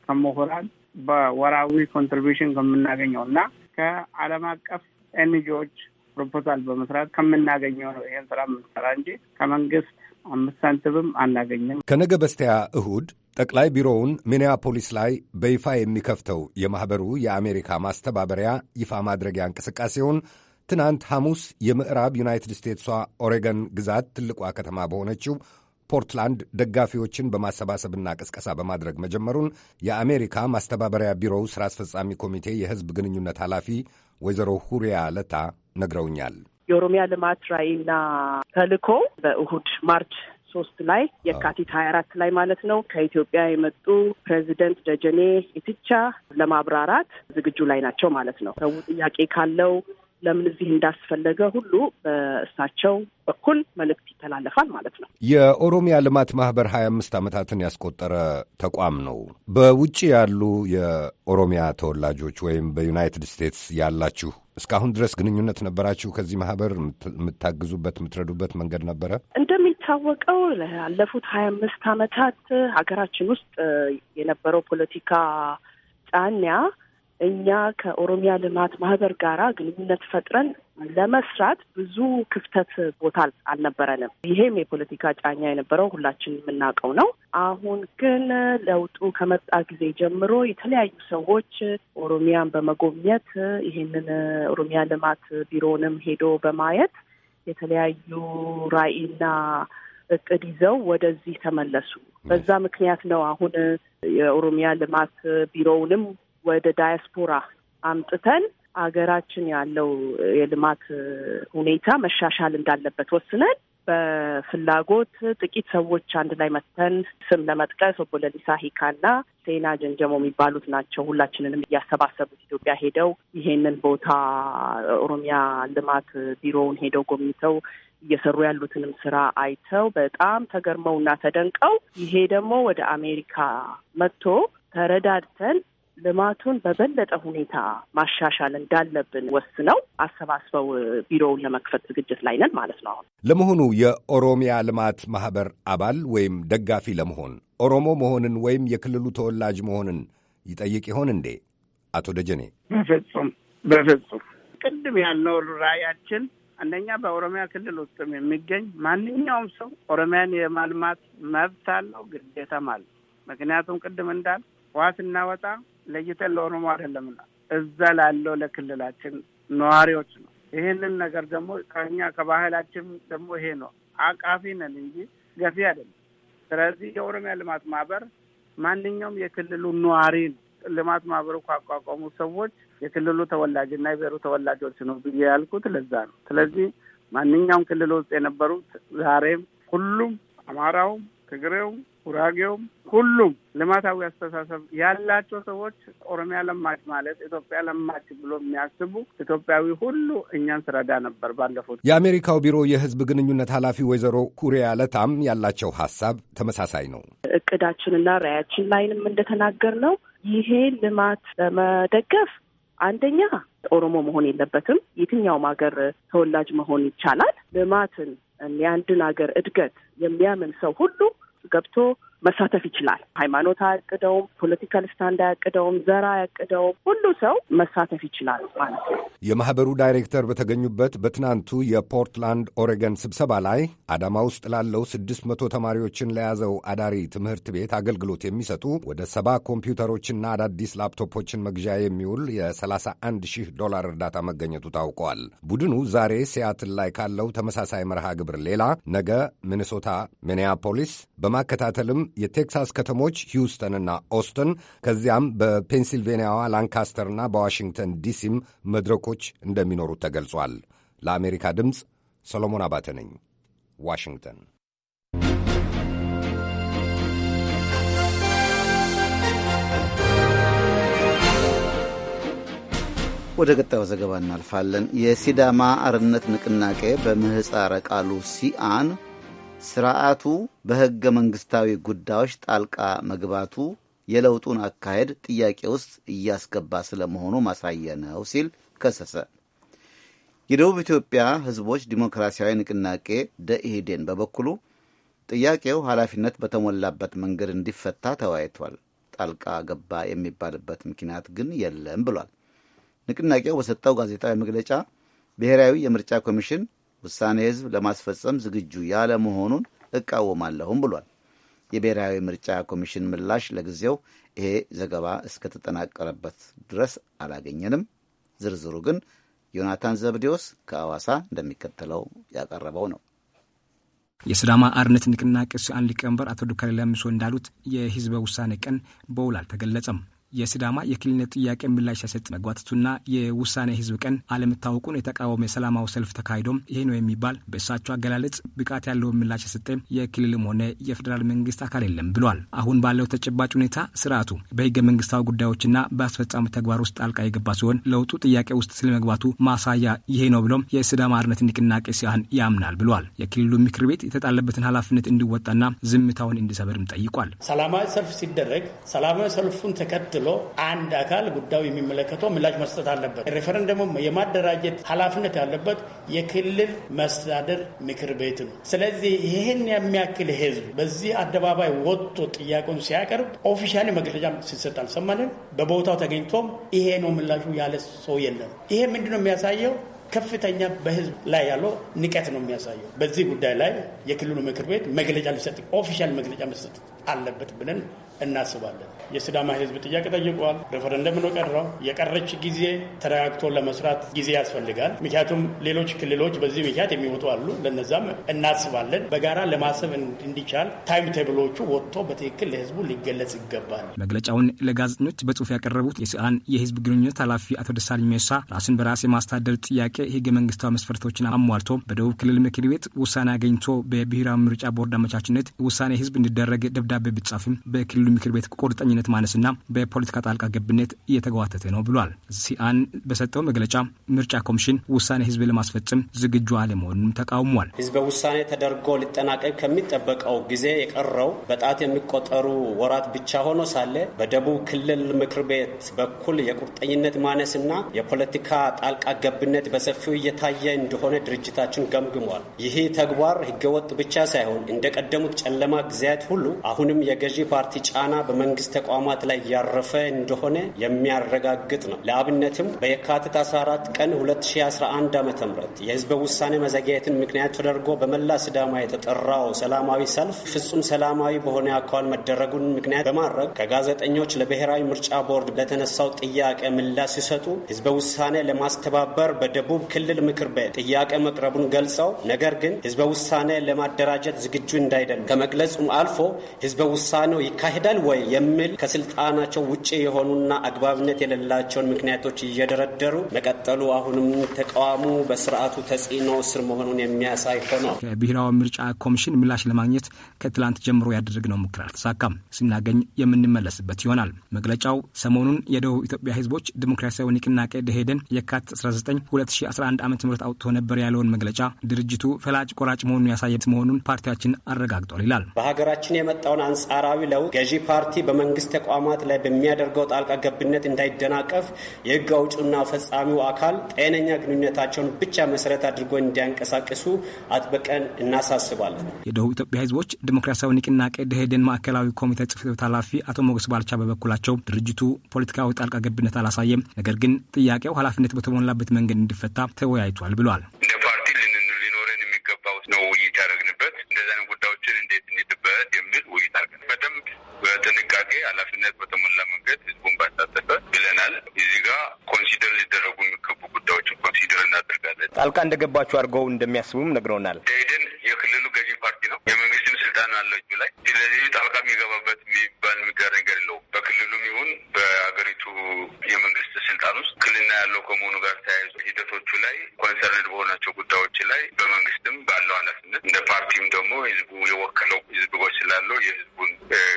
ከምሁራን በወራዊ ኮንትሪቢሽን ከምናገኘው እና ከዓለም አቀፍ ኤንጂዎች ፕሮፖዛል በመስራት ከምናገኘው ነው ይህን ስራ የምንሰራ እንጂ ከመንግስት አምስት ሳንቲምም አናገኝም። ከነገ በስቲያ እሁድ ጠቅላይ ቢሮውን ሚኒያፖሊስ ላይ በይፋ የሚከፍተው የማኅበሩ የአሜሪካ ማስተባበሪያ ይፋ ማድረጊያ እንቅስቃሴውን ትናንት ሐሙስ የምዕራብ ዩናይትድ ስቴትሷ ኦሬገን ግዛት ትልቋ ከተማ በሆነችው ፖርትላንድ ደጋፊዎችን በማሰባሰብና ቅስቀሳ በማድረግ መጀመሩን የአሜሪካ ማስተባበሪያ ቢሮው ሥራ አስፈጻሚ ኮሚቴ የሕዝብ ግንኙነት ኃላፊ ወይዘሮ ሁሪያ ለታ ነግረውኛል። የኦሮሚያ ልማት ራዕይና ተልኮ በእሁድ ማርች ሶስት ላይ የካቲት ሀያ አራት ላይ ማለት ነው ከኢትዮጵያ የመጡ ፕሬዚደንት ደጀኔ ኢትቻ ለማብራራት ዝግጁ ላይ ናቸው ማለት ነው። ሰው ጥያቄ ካለው ለምን እዚህ እንዳስፈለገ ሁሉ በእሳቸው በኩል መልእክት ይተላለፋል ማለት ነው። የኦሮሚያ ልማት ማህበር ሀያ አምስት ዓመታትን ያስቆጠረ ተቋም ነው። በውጭ ያሉ የኦሮሚያ ተወላጆች ወይም በዩናይትድ ስቴትስ ያላችሁ እስካሁን ድረስ ግንኙነት ነበራችሁ? ከዚህ ማህበር የምታግዙበት የምትረዱበት መንገድ ነበረ? እንደሚታወቀው ላለፉት ሀያ አምስት ዓመታት ሀገራችን ውስጥ የነበረው ፖለቲካ ጫና እኛ ከኦሮሚያ ልማት ማህበር ጋር ግንኙነት ፈጥረን ለመስራት ብዙ ክፍተት ቦታ አልነበረንም። ይሄም የፖለቲካ ጫኛ የነበረው ሁላችን የምናውቀው ነው። አሁን ግን ለውጡ ከመጣ ጊዜ ጀምሮ የተለያዩ ሰዎች ኦሮሚያን በመጎብኘት ይሄንን ኦሮሚያ ልማት ቢሮንም ሄዶ በማየት የተለያዩ ራዕይና እቅድ ይዘው ወደዚህ ተመለሱ። በዛ ምክንያት ነው አሁን የኦሮሚያ ልማት ቢሮውንም ወደ ዳያስፖራ አምጥተን አገራችን ያለው የልማት ሁኔታ መሻሻል እንዳለበት ወስነን በፍላጎት ጥቂት ሰዎች አንድ ላይ መጥተን ስም ለመጥቀስ ኦቦለሊሳ ሂካና ሴና ጀንጀሞ የሚባሉት ናቸው። ሁላችንንም እያሰባሰቡት ኢትዮጵያ ሄደው ይሄንን ቦታ ኦሮሚያ ልማት ቢሮውን ሄደው ጎብኝተው እየሰሩ ያሉትንም ስራ አይተው በጣም ተገርመውና ተደንቀው ይሄ ደግሞ ወደ አሜሪካ መጥቶ ተረዳድተን ልማቱን በበለጠ ሁኔታ ማሻሻል እንዳለብን ወስነው አሰባስበው ቢሮውን ለመክፈት ዝግጅት ላይ ነን ማለት ነው። አሁን ለመሆኑ የኦሮሚያ ልማት ማህበር አባል ወይም ደጋፊ ለመሆን ኦሮሞ መሆንን ወይም የክልሉ ተወላጅ መሆንን ይጠይቅ ይሆን እንዴ? አቶ ደጀኔ በፍጹም በፍጹም ቅድም ያልነው ራዕያችን አንደኛ በኦሮሚያ ክልል ውስጥም የሚገኝ ማንኛውም ሰው ኦሮሚያን የማልማት መብት አለው፣ ግዴታም አለው። ምክንያቱም ቅድም እንዳል ውሃ ስናወጣ ለይተን ለኦሮሞ አይደለምና እዛ ላለው ለክልላችን ነዋሪዎች ነው። ይህንን ነገር ደግሞ ከኛ ከባህላችን ደግሞ ይሄ ነው። አቃፊ ነን እንጂ ገፊ አይደለም። ስለዚህ የኦሮሚያ ልማት ማህበር ማንኛውም የክልሉ ነዋሪ ነው። ልማት ማህበሩ ካቋቋሙ ሰዎች የክልሉ ተወላጅና የብሔሩ ተወላጆች ነው ብዬ ያልኩት ለዛ ነው። ስለዚህ ማንኛውም ክልል ውስጥ የነበሩት ዛሬም ሁሉም አማራውም፣ ትግሬውም፣ ጉራጌውም ሁሉም ልማታዊ አስተሳሰብ ያላቸው ሰዎች ኦሮሚያ ለማች ማለት ኢትዮጵያ ለማች ብሎ የሚያስቡ ኢትዮጵያዊ ሁሉ እኛን ስረዳ ነበር። ባለፉት የአሜሪካው ቢሮ የህዝብ ግንኙነት ኃላፊ ወይዘሮ ኩሪያ ለታም ያላቸው ሀሳብ ተመሳሳይ ነው። እቅዳችንና ራያችን ላይንም እንደተናገር ነው ይሄ ልማት ለመደገፍ አንደኛ ኦሮሞ መሆን የለበትም። የትኛውም ሀገር ተወላጅ መሆን ይቻላል። ልማትን የአንድን ሀገር እድገት የሚያምን ሰው ሁሉ ገብቶ መሳተፍ ይችላል። ሃይማኖት አያቅደውም፣ ፖለቲካል ስታንድ አያቅደውም፣ ዘር አያቅደውም። ሁሉ ሰው መሳተፍ ይችላል ማለት ነው። የማህበሩ ዳይሬክተር በተገኙበት በትናንቱ የፖርትላንድ ኦሬገን ስብሰባ ላይ አዳማ ውስጥ ላለው ስድስት መቶ ተማሪዎችን ለያዘው አዳሪ ትምህርት ቤት አገልግሎት የሚሰጡ ወደ ሰባ ኮምፒውተሮችና አዳዲስ ላፕቶፖችን መግዣ የሚውል የ31 ሺህ ዶላር እርዳታ መገኘቱ ታውቋል። ቡድኑ ዛሬ ሲያትል ላይ ካለው ተመሳሳይ መርሃ ግብር ሌላ ነገ ሚኒሶታ ሚኒያፖሊስ በማከታተልም የቴክሳስ ከተሞች ሂውስተንና ኦስተን ከዚያም በፔንሲልቬንያዋ ላንካስተርና በዋሽንግተን ዲሲም መድረኮች እንደሚኖሩ ተገልጿል። ለአሜሪካ ድምፅ ሰሎሞን አባተ ነኝ፣ ዋሽንግተን። ወደ ቀጣዩ ዘገባ እናልፋለን። የሲዳማ አርነት ንቅናቄ በምህፃረ ቃሉ ሲአን ስርዓቱ በሕገ መንግሥታዊ ጉዳዮች ጣልቃ መግባቱ የለውጡን አካሄድ ጥያቄ ውስጥ እያስገባ ስለመሆኑ ማሳያ ነው ሲል ከሰሰ። የደቡብ ኢትዮጵያ ሕዝቦች ዲሞክራሲያዊ ንቅናቄ ደኢህዴን በበኩሉ ጥያቄው ኃላፊነት በተሞላበት መንገድ እንዲፈታ ተወያይቷል። ጣልቃ ገባ የሚባልበት ምክንያት ግን የለም ብሏል። ንቅናቄው በሰጠው ጋዜጣዊ መግለጫ ብሔራዊ የምርጫ ኮሚሽን ውሳኔ ህዝብ ለማስፈጸም ዝግጁ ያለ መሆኑን እቃወማለሁም ብሏል። የብሔራዊ ምርጫ ኮሚሽን ምላሽ ለጊዜው ይሄ ዘገባ እስከተጠናቀረበት ድረስ አላገኘንም። ዝርዝሩ ግን ዮናታን ዘብዴዎስ ከአዋሳ እንደሚከተለው ያቀረበው ነው። የስዳማ አርነት ንቅናቄ ሲአን ሊቀመንበር አቶ ዱካሌ ለምሶ እንዳሉት የህዝበ ውሳኔ ቀን በውል አልተገለጸም። የሲዳማ የክልልነት ጥያቄ ምላሽ ሳይሰጥ መግባትቱና የውሳኔ ህዝብ ቀን አለመታወቁን የተቃወመ የሰላማዊ ሰልፍ ተካሂዶም ይሄ ነው የሚባል በእሳቸው አገላለጽ ብቃት ያለውን ምላሽ የሰጠ የክልልም ሆነ የፌዴራል መንግስት አካል የለም ብሏል። አሁን ባለው ተጨባጭ ሁኔታ ስርዓቱ በህገ መንግስታዊ ጉዳዮችና በአስፈጻሚ ተግባር ውስጥ ጣልቃ የገባ ሲሆን ለውጡ ጥያቄ ውስጥ ስለመግባቱ ማሳያ ይሄ ነው ብሎም የሲዳማ አርነት ንቅናቄ ሲያህን ያምናል ብሏል። የክልሉ ምክር ቤት የተጣለበትን ኃላፊነት እንዲወጣና ዝምታውን እንዲሰብርም ጠይቋል። ሰላማዊ ሰልፍ ሲደረግ ሰላማዊ ሰልፉን ተከት ተከትሎ አንድ አካል ጉዳዩ የሚመለከተው ምላሽ መስጠት አለበት። ሬፈረንደሙ የማደራጀት ኃላፊነት ያለበት የክልል መስተዳደር ምክር ቤት ነው። ስለዚህ ይህን የሚያክል ህዝብ በዚህ አደባባይ ወጥቶ ጥያቄውን ሲያቀርብ ኦፊሻሊ መግለጫ ሲሰጥ አልሰማንም። በቦታው ተገኝቶም ይሄ ነው ምላሹ ያለ ሰው የለም። ይሄ ምንድነው የሚያሳየው? ከፍተኛ በህዝብ ላይ ያለው ንቀት ነው የሚያሳየው። በዚህ ጉዳይ ላይ የክልሉ ምክር ቤት መግለጫ ሊሰጥ ኦፊሻል መግለጫ መስጠት አለበት ብለን እናስባለን። የስዳማ ህዝብ ጥያቄ ጠይቋል። ሬፈረንደም ነው ቀረው። የቀረች ጊዜ ተረጋግቶ ለመስራት ጊዜ ያስፈልጋል። ምክንያቱም ሌሎች ክልሎች በዚህ ምክንያት የሚወጡ አሉ። ለነዛም እናስባለን። በጋራ ለማሰብ እንዲቻል ታይም ቴብሎቹ ወጥቶ በትክክል ለህዝቡ ሊገለጽ ይገባል። መግለጫውን ለጋዜጠኞች በጽሁፍ ያቀረቡት የሲአን የህዝብ ግንኙነት ኃላፊ አቶ ደሳለኝ ሜሳ ራስን በራስ የማስተዳደር ጥያቄ ህገ መንግስታዊ መስፈርቶችን አሟልቶ በደቡብ ክልል ምክር ቤት ውሳኔ አገኝቶ በብሔራዊ ምርጫ ቦርድ አመቻችነት ውሳኔ ህዝብ እንዲደረግ ደብዳቤ ቢጻፍም በክልሉ በክልሉ ምክር ቤት ቁርጠኝነት ማነስና በፖለቲካ ጣልቃ ገብነት እየተጓተተ ነው ብሏል። ሲአን በሰጠው መግለጫ ምርጫ ኮሚሽን ውሳኔ ህዝብ ለማስፈጸም ዝግጁ አለመሆኑም ተቃውሟል። ህዝበ ውሳኔ ተደርጎ ሊጠናቀቅ ከሚጠበቀው ጊዜ የቀረው በጣት የሚቆጠሩ ወራት ብቻ ሆኖ ሳለ በደቡብ ክልል ምክር ቤት በኩል የቁርጠኝነት ማነስና የፖለቲካ ጣልቃ ገብነት በሰፊው እየታየ እንደሆነ ድርጅታችን ገምግሟል። ይህ ተግባር ህገወጥ ብቻ ሳይሆን እንደቀደሙት ጨለማ ጊዜያት ሁሉ አሁንም የገዢ ፓርቲ ጫና በመንግስት ተቋማት ላይ ያረፈ እንደሆነ የሚያረጋግጥ ነው። ለአብነትም በየካቲት 14 ቀን 2011 ዓ ም የህዝበ ውሳኔ መዘግየትን ምክንያት ተደርጎ በመላ ስዳማ የተጠራው ሰላማዊ ሰልፍ ፍጹም ሰላማዊ በሆነ አካል መደረጉን ምክንያት በማድረግ ከጋዜጠኞች ለብሔራዊ ምርጫ ቦርድ ለተነሳው ጥያቄ ምላሽ ሲሰጡ ህዝበ ውሳኔ ለማስተባበር በደቡብ ክልል ምክር ቤት ጥያቄ መቅረቡን ገልጸው ነገር ግን ህዝበ ውሳኔ ለማደራጀት ዝግጁ እንዳይደሉ ከመግለጹም አልፎ ህዝበ ውሳኔው ይካሄዳል ይፈቀዳል ወይ የሚል ከስልጣናቸው ውጭ የሆኑና አግባብነት የሌላቸውን ምክንያቶች እየደረደሩ መቀጠሉ አሁንም ተቃውሞ በስርዓቱ ተጽዕኖ ስር መሆኑን የሚያሳይ ሆኖ ከብሔራዊ ምርጫ ኮሚሽን ምላሽ ለማግኘት ከትላንት ጀምሮ ያደረግነው ሙከራ አልተሳካም። ስናገኝ የምንመለስበት ይሆናል። መግለጫው ሰሞኑን የደቡብ ኢትዮጵያ ህዝቦች ዲሞክራሲያዊ ንቅናቄ ደሄደን የካቲት 19 2011 ዓ ም አውጥቶ ነበር ያለውን መግለጫ ድርጅቱ ፈላጭ ቆራጭ መሆኑን ያሳየት መሆኑን ፓርቲያችን አረጋግጧል ይላል። በሀገራችን የመጣውን አንጻራዊ ለውጥ ገዢ ፓርቲ በመንግስት ተቋማት ላይ በሚያደርገው ጣልቃ ገብነት እንዳይደናቀፍ የህግ አውጭና ፈጻሚው አካል ጤነኛ ግንኙነታቸውን ብቻ መሰረት አድርጎ እንዲያንቀሳቅሱ አጥብቀን እናሳስባለን። የደቡብ ኢትዮጵያ ህዝቦች ዲሞክራሲያዊ ንቅናቄ ደኢህዴን ማዕከላዊ ኮሚቴ ጽሕፈት ቤት ኃላፊ አቶ ሞገስ ባልቻ በበኩላቸው ድርጅቱ ፖለቲካዊ ጣልቃ ገብነት አላሳየም፣ ነገር ግን ጥያቄው ኃላፊነት በተሞላበት መንገድ እንዲፈታ ተወያይቷል ብሏል። እንደ ፓርቲ ሊኖረን የሚገባው ነው ውይይት ያደረግንበት አይነት ጉዳዮችን እንዴት እንድበት የሚል በጥንቃቄ ኃላፊነት በተሞላ መንገድ ህዝቡን ባሳተፈ ብለናል። እዚህ ጋር ኮንሲደር ሊደረጉ የሚገቡ ጉዳዮችን ኮንሲደር እናደርጋለን። ጣልቃ እንደገባችሁ አድርገው እንደሚያስቡም ነግረውናል። ደኢህዴን የክልሉ ገዢ ፓርቲ ነው። የመንግስትም ስልጣን አለው እጁ ላይ። ስለዚህ ጣልቃ የሚገባበት የሚባል የሚጋር ነገር የለውም። በክልሉም ይሁን በሀገሪቱ የመንግስት ስልጣን ውስጥ ክልና ያለው ከመሆኑ ጋር ተያይዞ ሂደቶቹ ላይ ኮንሰርንድ በሆናቸው ጉዳዮች ላይ በመንግስትም ባለው ኃላፊነት እንደ ፓርቲም ደግሞ ህዝቡ የወከለው ህዝቦች ስላለው የህዝቡን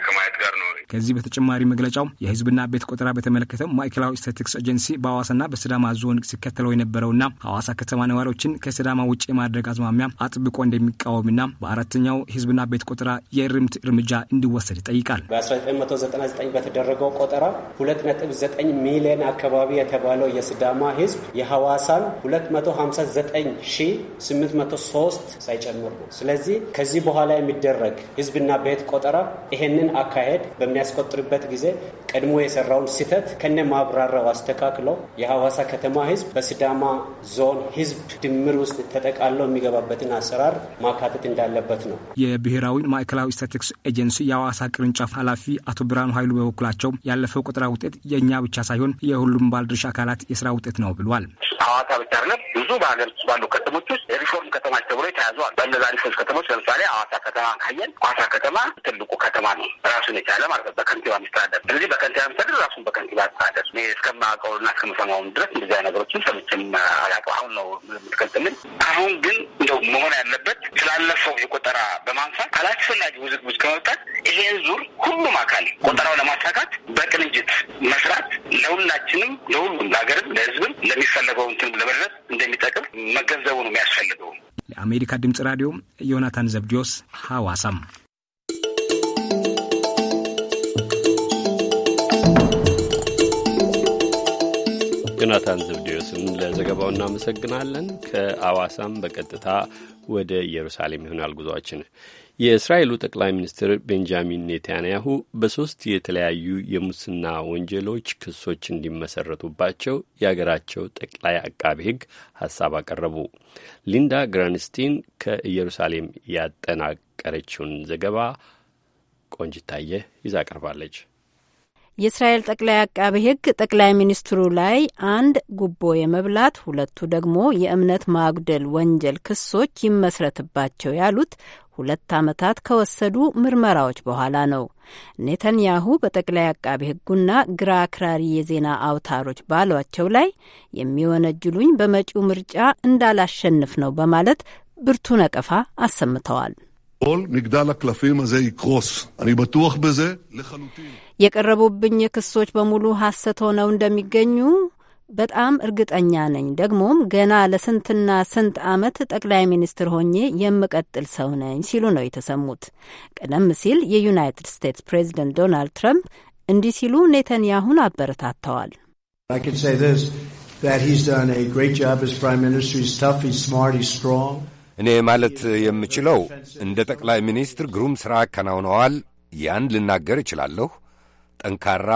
ከማየት ጋር ነው። ከዚህ በተጨማሪ መግለጫው የህዝብና ቤት ቆጠራ በተመለከተው ማዕከላዊ ስታቲስቲክስ ኤጀንሲ በአዋሳና በስዳማ ዞን ሲከተለው የነበረውና ሐዋሳ ከተማ ነዋሪዎችን ከስዳማ ውጭ የማድረግ አዝማሚያ አጥብቆ እንደሚቃወምና በአራተኛው ህዝብና ቤት ቆጠራ የእርምት እርምጃ እንዲወሰድ ይጠይቃል። በ1999 በተደረገው ቆጠራ 2.9 ሚሊዮን አካባቢ የተባለው የስዳማ ህዝብ የሐዋሳን 259803 ሳይጨምር ነው። ስለዚህ ከዚህ በኋላ የሚደረግ ህዝብና ቤት ቆጠራ ይሄንን አካሄድ በሚያስቆጥርበት ጊዜ ቀድሞ የሰራውን ስህተት ከነ ማብራራው አስተካክለው የሐዋሳ ከተማ ህዝብ በስዳማ ዞን ህዝብ ድምር ውስጥ ተጠቃለው የሚገባበትን አሰራር ማካተት እንዳለበት ነው። የብሔራዊ ማዕከላዊ ስታቲክስ ኤጀንሲ የሐዋሳ ቅርንጫፍ ኃላፊ አቶ ብርሃኑ ኃይሉ በበኩላቸው ያለፈው ቆጠራ ውጤት የእኛ ብቻ ሳይሆን የሁሉም ባለድርሻ አካላት የስራ ውጤት ነው ብሏል። ሐዋሳ ብቻ አይደለም፣ ብዙ በሀገር ውስጥ ባሉ ከተሞች ውስጥ ሪፎርም ከተማች ተብሎ የተያዘዋል። በእነዛ ሪፎርም ከተሞች ለምሳሌ ሐዋሳ ከተማ ካየን ሐዋሳ ከተማ ትልቁ ከተማ ነው ራሱን የቻለ ማለት ነው በከንቲባ ሚስተዳደር ስለዚህ ከንቲባ መሰድር ራሱን በከንቲባ ታደር እስከማውቀው እና እስከምሰማውም ድረስ እንደዚያ ነገሮችን ሰምቼም አላውቀው። አሁን ነው የምትገልጽልን። አሁን ግን እንደው መሆን ያለበት ስላለፈው የቆጠራ በማንሳት አላስፈላጊ ውዝግቦች ከመውጣት ይሄን ዙር ሁሉም አካል ቆጠራው ለማሳካት በቅንጅት መስራት ለሁላችንም፣ ለሁሉም፣ ለሀገርም፣ ለህዝብም ለሚፈለገው እንትን ለመድረስ እንደሚጠቅም መገንዘቡ ነው የሚያስፈልገው። የአሜሪካ ድምጽ ራዲዮ ዮናታን ዘብዲዮስ ሐዋሳም ዮናታን ዘብዴዎስን ለዘገባው እናመሰግናለን። ከአዋሳም በቀጥታ ወደ ኢየሩሳሌም ይሆናል ጉዟችን። የእስራኤሉ ጠቅላይ ሚኒስትር ቤንጃሚን ኔታንያሁ በሶስት የተለያዩ የሙስና ወንጀሎች ክሶች እንዲመሰረቱባቸው የአገራቸው ጠቅላይ አቃቤ ሕግ ሀሳብ አቀረቡ። ሊንዳ ግራንስቲን ከኢየሩሳሌም ያጠናቀረችውን ዘገባ ቆንጅታየ ይዛ ቀርባለች። የእስራኤል ጠቅላይ አቃቤ ሕግ ጠቅላይ ሚኒስትሩ ላይ አንድ ጉቦ የመብላት ሁለቱ ደግሞ የእምነት ማጉደል ወንጀል ክሶች ይመስረትባቸው ያሉት ሁለት ዓመታት ከወሰዱ ምርመራዎች በኋላ ነው። ኔተንያሁ በጠቅላይ አቃቢ ሕጉና ግራ አክራሪ የዜና አውታሮች ባሏቸው ላይ የሚወነጅሉኝ በመጪው ምርጫ እንዳላሸንፍ ነው በማለት ብርቱ ነቀፋ አሰምተዋል። כל מגדל הקלפים הזה יקרוס. אני בטוח בזה לחלוטין. የቀረቡብኝ ክሶች በሙሉ ሐሰት ሆነው እንደሚገኙ በጣም እርግጠኛ ነኝ። ደግሞም ገና ለስንትና ስንት ዓመት ጠቅላይ ሚኒስትር ሆኜ የምቀጥል ሰው ነኝ ሲሉ ነው የተሰሙት። ቀደም ሲል የዩናይትድ ስቴትስ ፕሬዚደንት ዶናልድ ትራምፕ እንዲህ ሲሉ ኔተንያሁን አበረታተዋል። እኔ ማለት የምችለው እንደ ጠቅላይ ሚኒስትር ግሩም ሥራ አከናውነዋል። ያን ልናገር እችላለሁ። ጠንካራ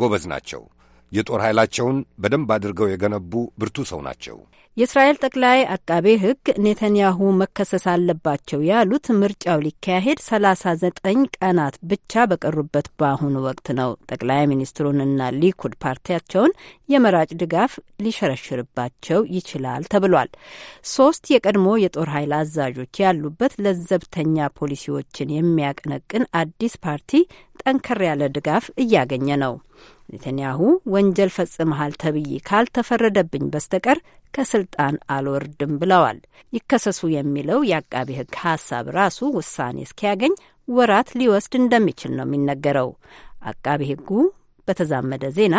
ጎበዝ ናቸው። የጦር ኃይላቸውን በደንብ አድርገው የገነቡ ብርቱ ሰው ናቸው። የእስራኤል ጠቅላይ አቃቤ ሕግ ኔተንያሁ መከሰስ አለባቸው ያሉት ምርጫው ሊካሄድ 39 ቀናት ብቻ በቀሩበት በአሁኑ ወቅት ነው። ጠቅላይ ሚኒስትሩንና ሊኩድ ፓርቲያቸውን የመራጭ ድጋፍ ሊሸረሽርባቸው ይችላል ተብሏል። ሶስት የቀድሞ የጦር ኃይል አዛዦች ያሉበት ለዘብተኛ ፖሊሲዎችን የሚያቀነቅን አዲስ ፓርቲ ጠንከር ያለ ድጋፍ እያገኘ ነው። ኔታንያሁ ወንጀል ፈጽመሃል ተብዬ ካልተፈረደብኝ በስተቀር ከስልጣን አልወርድም ብለዋል። ይከሰሱ የሚለው የአቃቤ ሕግ ሀሳብ ራሱ ውሳኔ እስኪያገኝ ወራት ሊወስድ እንደሚችል ነው የሚነገረው። አቃቤ ሕጉ በተዛመደ ዜና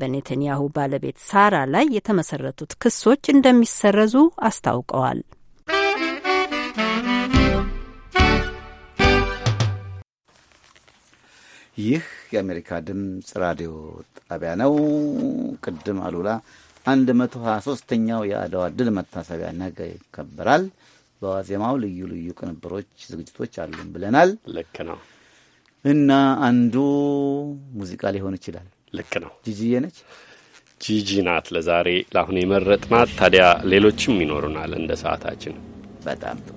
በኔተንያሁ ባለቤት ሳራ ላይ የተመሰረቱት ክሶች እንደሚሰረዙ አስታውቀዋል። ይህ የአሜሪካ ድምፅ ራዲዮ ጣቢያ ነው። ቅድም አሉላ ሀያ ሶስተኛው የአድዋ ድል መታሰቢያ ነገ ይከበራል። በዋዜማው ልዩ ልዩ ቅንብሮች፣ ዝግጅቶች አሉን ብለናል። ልክ ነው እና አንዱ ሙዚቃ ሊሆን ይችላል። ልክ ነው። ጂጂዬ ነች። ጂጂ ናት። ለዛሬ ለአሁን የመረጥናት ታዲያ ሌሎችም ይኖሩናል እንደ ሰዓታችን በጣም ጥሩ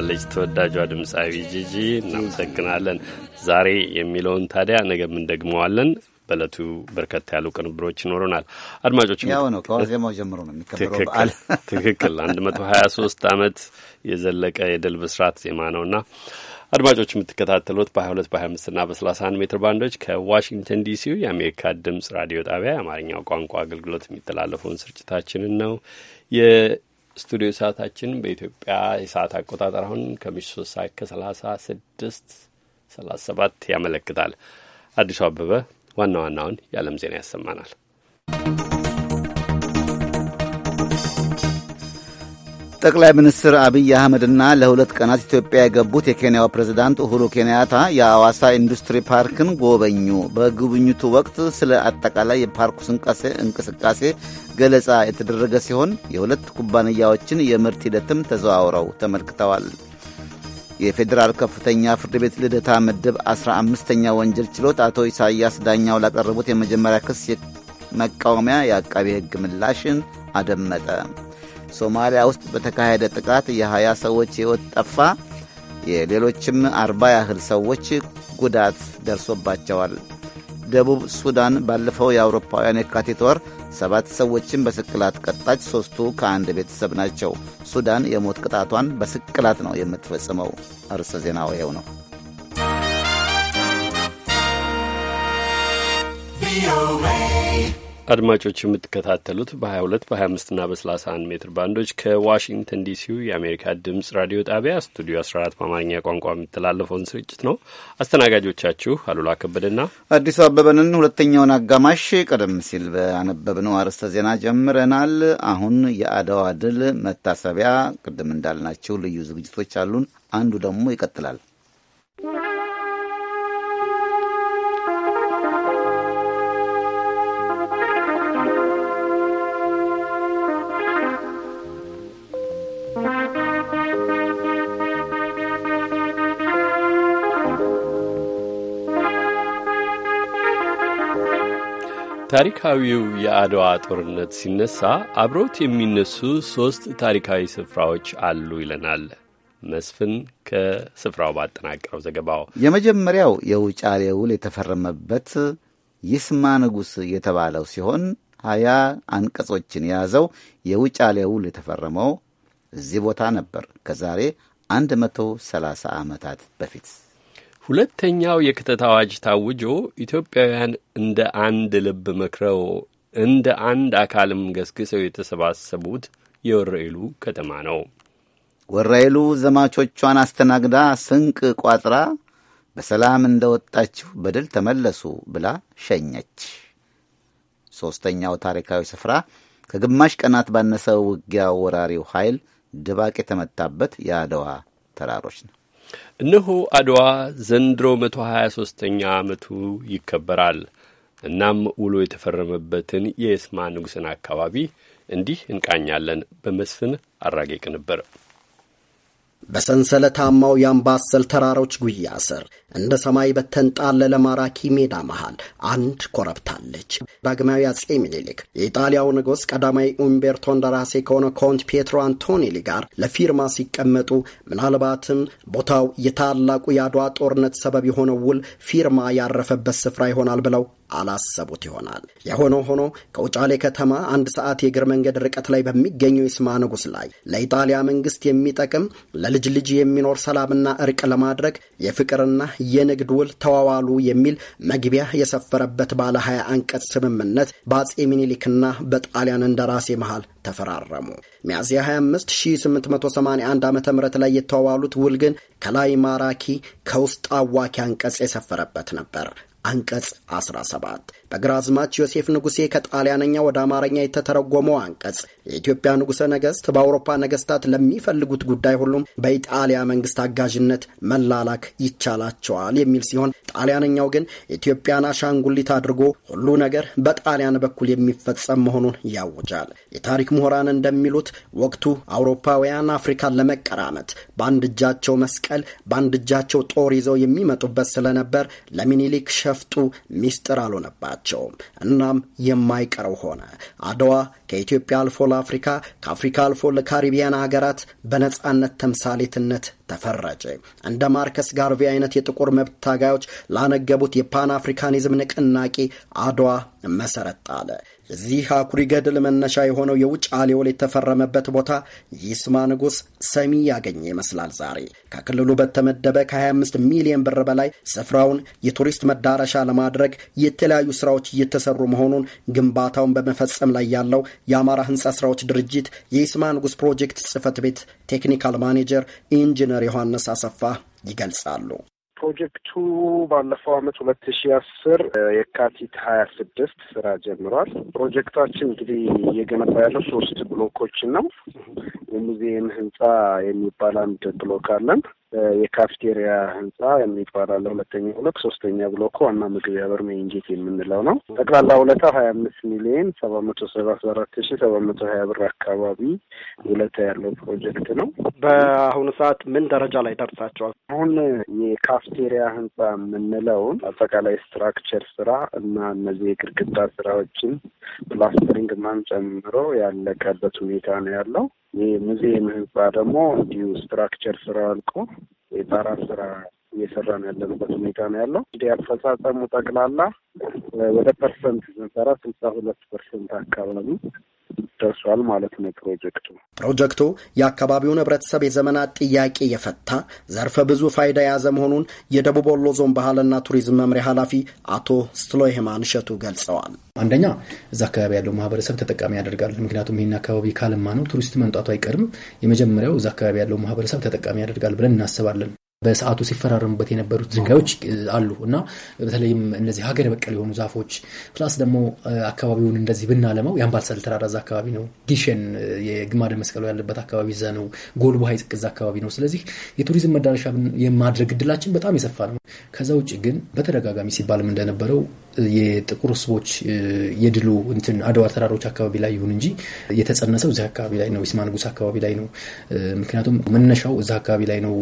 ትላለች ተወዳጇ ድምፃዊ ጂጂ። እናመሰግናለን። ዛሬ የሚለውን ታዲያ ነገ እንደግመዋለን። በእለቱ በርከት ያሉ ቅንብሮች ይኖሩናል። አድማጮች ያው ነው ከዋዜማው ጀምሮ ነው የሚከበረው በዓል ትክክል አንድ መቶ ሀያ ሶስት አመት የዘለቀ የድል ብስራት ዜማ ነውና አድማጮች የምትከታተሉት በ22 በ25ና በ31 ሜትር ባንዶች ከዋሽንግተን ዲሲው የአሜሪካ ድምጽ ራዲዮ ጣቢያ የአማርኛው ቋንቋ አገልግሎት የሚተላለፈውን ስርጭታችንን ነው። ስቱዲዮ ሰዓታችን በኢትዮጵያ የሰዓት አቆጣጠር አሁን ከምሽቱ ሶስት ሰዓት ከሰላሳ ስድስት ሰላሳ ሰባት ያመለክታል። አዲሱ አበበ ዋና ዋናውን የዓለም ዜና ያሰማናል። ጠቅላይ ሚኒስትር አብይ አህመድና ለሁለት ቀናት ኢትዮጵያ የገቡት የኬንያው ፕሬዝዳንት ኡሁሩ ኬንያታ የአዋሳ ኢንዱስትሪ ፓርክን ጎበኙ። በጉብኝቱ ወቅት ስለ አጠቃላይ የፓርኩ ስንቀሴ እንቅስቃሴ ገለጻ የተደረገ ሲሆን የሁለት ኩባንያዎችን የምርት ሂደትም ተዘዋውረው ተመልክተዋል። የፌዴራል ከፍተኛ ፍርድ ቤት ልደታ ምድብ 15ኛ ወንጀል ችሎት አቶ ኢሳያስ ዳኛው ላቀረቡት የመጀመሪያ ክስ መቃወሚያ የአቃቤ ሕግ ምላሽን አደመጠ። ሶማሊያ ውስጥ በተካሄደ ጥቃት የ20 ሰዎች ሕይወት ጠፋ። የሌሎችም አርባ ያህል ሰዎች ጉዳት ደርሶባቸዋል። ደቡብ ሱዳን ባለፈው የአውሮፓውያን የካቲት ወር ሰባት ሰዎችን በስቅላት ቀጣች። ሦስቱ ከአንድ ቤተሰብ ናቸው። ሱዳን የሞት ቅጣቷን በስቅላት ነው የምትፈጽመው። እርስ ዜናው ይኸው ነው። አድማጮች የምትከታተሉት በ22 በ25ና በ31 ሜትር ባንዶች ከዋሽንግተን ዲሲው የአሜሪካ ድምፅ ራዲዮ ጣቢያ ስቱዲዮ 14 በአማርኛ ቋንቋ የሚተላለፈውን ስርጭት ነው። አስተናጋጆቻችሁ አሉላ ከበደና አዲሱ አበበንን ሁለተኛውን አጋማሽ ቀደም ሲል በአነበብነው አርዕስተ ዜና ጀምረናል። አሁን የአድዋ ድል መታሰቢያ ቅድም እንዳልናቸው ልዩ ዝግጅቶች አሉን። አንዱ ደግሞ ይቀጥላል። ታሪካዊው የአድዋ ጦርነት ሲነሳ አብረውት የሚነሱ ሦስት ታሪካዊ ስፍራዎች አሉ ይለናል መስፍን ከስፍራው ባጠናቀረው ዘገባው። የመጀመሪያው የውጫሌ ውል የተፈረመበት ይስማ ንጉሥ የተባለው ሲሆን ሀያ አንቀጾችን የያዘው የውጫሌ ውል የተፈረመው እዚህ ቦታ ነበር ከዛሬ 130 ዓመታት በፊት። ሁለተኛው የክተት አዋጅ ታውጆ ኢትዮጵያውያን እንደ አንድ ልብ መክረው እንደ አንድ አካልም ገስግሰው የተሰባሰቡት የወረኢሉ ከተማ ነው። ወረኢሉ ዘማቾቿን አስተናግዳ ስንቅ ቋጥራ በሰላም እንደ ወጣችሁ በድል ተመለሱ ብላ ሸኘች። ሦስተኛው ታሪካዊ ስፍራ ከግማሽ ቀናት ባነሰ ውጊያ ወራሪው ኃይል ድባቅ የተመታበት የአድዋ ተራሮች ነው። እነሆ አድዋ ዘንድሮ መቶ ሀያ ሶስተኛ ዓመቱ ይከበራል። እናም ውሎ የተፈረመበትን የእስማ ንጉሥን አካባቢ እንዲህ እንቃኛለን በመስፍን አራጌ ቅንብር በሰንሰለታማው የአምባሰል ተራሮች ጉያ ስር እንደ ሰማይ በተንጣለለ ማራኪ ሜዳ መሃል አንድ ኮረብታለች። ዳግማዊ አጼ ምኒልክ የኢጣሊያው ንጉሥ ቀዳማዊ ኡምቤርቶ እንደራሴ ከሆነ ኮንት ፔትሮ አንቶኒሊ ጋር ለፊርማ ሲቀመጡ ምናልባትም ቦታው የታላቁ የአድዋ ጦርነት ሰበብ የሆነው ውል ፊርማ ያረፈበት ስፍራ ይሆናል ብለው አላሰቡት ይሆናል። የሆነ ሆኖ ከውጫሌ ከተማ አንድ ሰዓት የእግር መንገድ ርቀት ላይ በሚገኘው ይስማ ንጉሥ ላይ ለኢጣሊያ መንግስት የሚጠቅም ለልጅ ልጅ የሚኖር ሰላምና እርቅ ለማድረግ የፍቅርና የንግድ ውል ተዋዋሉ የሚል መግቢያ የሰፈረበት ባለ ሀያ አንቀጽ ስምምነት በአጼ ሚኒሊክና በጣሊያን እንደራሴ መሃል ተፈራረሙ። ሚያዝያ 25 1881 ዓ ም ላይ የተዋዋሉት ውል ግን ከላይ ማራኪ ከውስጥ አዋኪ አንቀጽ የሰፈረበት ነበር። አንቀጽ 17 በግራዝማች ዮሴፍ ንጉሴ ከጣሊያንኛ ወደ አማርኛ የተተረጎመው አንቀጽ የኢትዮጵያ ንጉሠ ነገሥት በአውሮፓ ነገሥታት ለሚፈልጉት ጉዳይ ሁሉም በኢጣሊያ መንግሥት አጋዥነት መላላክ ይቻላቸዋል የሚል ሲሆን ጣሊያንኛው ግን ኢትዮጵያን አሻንጉሊት አድርጎ ሁሉ ነገር በጣሊያን በኩል የሚፈጸም መሆኑን ያውጃል። የታሪክ ምሁራን እንደሚሉት ወቅቱ አውሮፓውያን አፍሪካን ለመቀራመት በአንድ እጃቸው መስቀል በአንድ እጃቸው ጦር ይዘው የሚመጡበት ስለነበር ለሚኒሊክ ሸፍጡ ሚስጥር አልሆነባቸውም። እናም የማይቀረው ሆነ። አድዋ ከኢትዮጵያ አልፎላ አፍሪካ ከአፍሪካ አልፎ ለካሪቢያን ሀገራት በነጻነት ተምሳሌትነት ተፈረጀ። እንደ ማርከስ ጋርቬ አይነት የጥቁር መብት ታጋዮች ላነገቡት የፓን አፍሪካኒዝም ንቅናቄ አድዋ መሰረት ጣለ። የዚህ አኩሪ ገድል መነሻ የሆነው የውጫሌ ውል የተፈረመበት ቦታ ይስማ ንጉሥ ሰሚ ያገኘ ይመስላል። ዛሬ ከክልሉ በተመደበ ከ25 ሚሊዮን ብር በላይ ስፍራውን የቱሪስት መዳረሻ ለማድረግ የተለያዩ ስራዎች እየተሰሩ መሆኑን ግንባታውን በመፈጸም ላይ ያለው የአማራ ህንፃ ስራዎች ድርጅት የይስማ ንጉሥ ፕሮጀክት ጽህፈት ቤት ቴክኒካል ማኔጀር ኢንጂነር ዮሐንስ አሰፋ ይገልጻሉ። ፕሮጀክቱ ባለፈው አመት ሁለት ሺ አስር የካቲት ሀያ ስድስት ስራ ጀምሯል። ፕሮጀክታችን እንግዲህ እየገነባ ያለው ሶስት ብሎኮችን ነው። የሙዚየም ህንጻ የሚባል አንድ ብሎክ አለን። የካፍቴሪያ ህንፃ የሚባላለ ሁለተኛ ብሎክ፣ ሶስተኛ ብሎክ ዋና ምግብ ያበር መንጌት የምንለው ነው። ጠቅላላ ሁለታ ሀያ አምስት ሚሊዮን ሰባ መቶ ሰላሳ አራት ሺ ሰባ መቶ ሀያ ብር አካባቢ ሁለታ ያለው ፕሮጀክት ነው። በአሁኑ ሰዓት ምን ደረጃ ላይ ደርሳቸዋል? አሁን የካፍቴሪያ ህንፃ የምንለውን አጠቃላይ ስትራክቸር ስራ እና እነዚህ የግድግዳ ስራዎችን ፕላስተሪንግ ማን ጨምሮ ያለቀበት ሁኔታ ነው ያለው። ይህ ሙዚየም ህንፃ ደግሞ እንዲሁ ስትራክቸር ስራ አልቆ የጣራ ስራ ነው ያለንበት ሁኔታ ነው ያለው። እንግዲህ አፈጻጸሙ ጠቅላላ ወደ ፐርሰንት ስንሰራ ስልሳ ሁለት ፐርሰንት አካባቢ ደርሷል ማለት ነው። ፕሮጀክቱ ፕሮጀክቱ የአካባቢውን ህብረተሰብ የዘመናት ጥያቄ የፈታ ዘርፈ ብዙ ፋይዳ የያዘ መሆኑን የደቡብ ወሎ ዞን ባህልና ቱሪዝም መምሪያ ኃላፊ አቶ ስትሎይህማን እሸቱ ገልጸዋል። አንደኛ እዛ አካባቢ ያለው ማህበረሰብ ተጠቃሚ ያደርጋል። ምክንያቱም ይህን አካባቢ ካልማ ነው ቱሪስት መምጣቱ አይቀርም። የመጀመሪያው እዛ አካባቢ ያለው ማህበረሰብ ተጠቃሚ ያደርጋል ብለን እናስባለን። በሰዓቱ ሲፈራረሙበት የነበሩት ድንጋዮች አሉ እና በተለይም እነዚህ ሀገር በቀል የሆኑ ዛፎች ፕላስ ደግሞ አካባቢውን እንደዚህ ብናለማው የአምባሰል ተራራ እዛ አካባቢ ነው። ጊሸን የግማደ መስቀሉ ያለበት አካባቢ ዘ ነው። ጎልቦ ሐይቅ እዛ አካባቢ ነው። ስለዚህ የቱሪዝም መዳረሻ የማድረግ እድላችን በጣም የሰፋ ነው። ከዛ ውጭ ግን በተደጋጋሚ ሲባልም እንደነበረው የጥቁር ህዝቦች የድሉ እንትን አድዋ ተራሮች አካባቢ ላይ ይሁን እንጂ የተጸነሰው እዚህ አካባቢ ላይ ነው። ስማ ንጉስ አካባቢ ላይ ነው። ምክንያቱም መነሻው እዚህ አካባቢ ላይ ነው።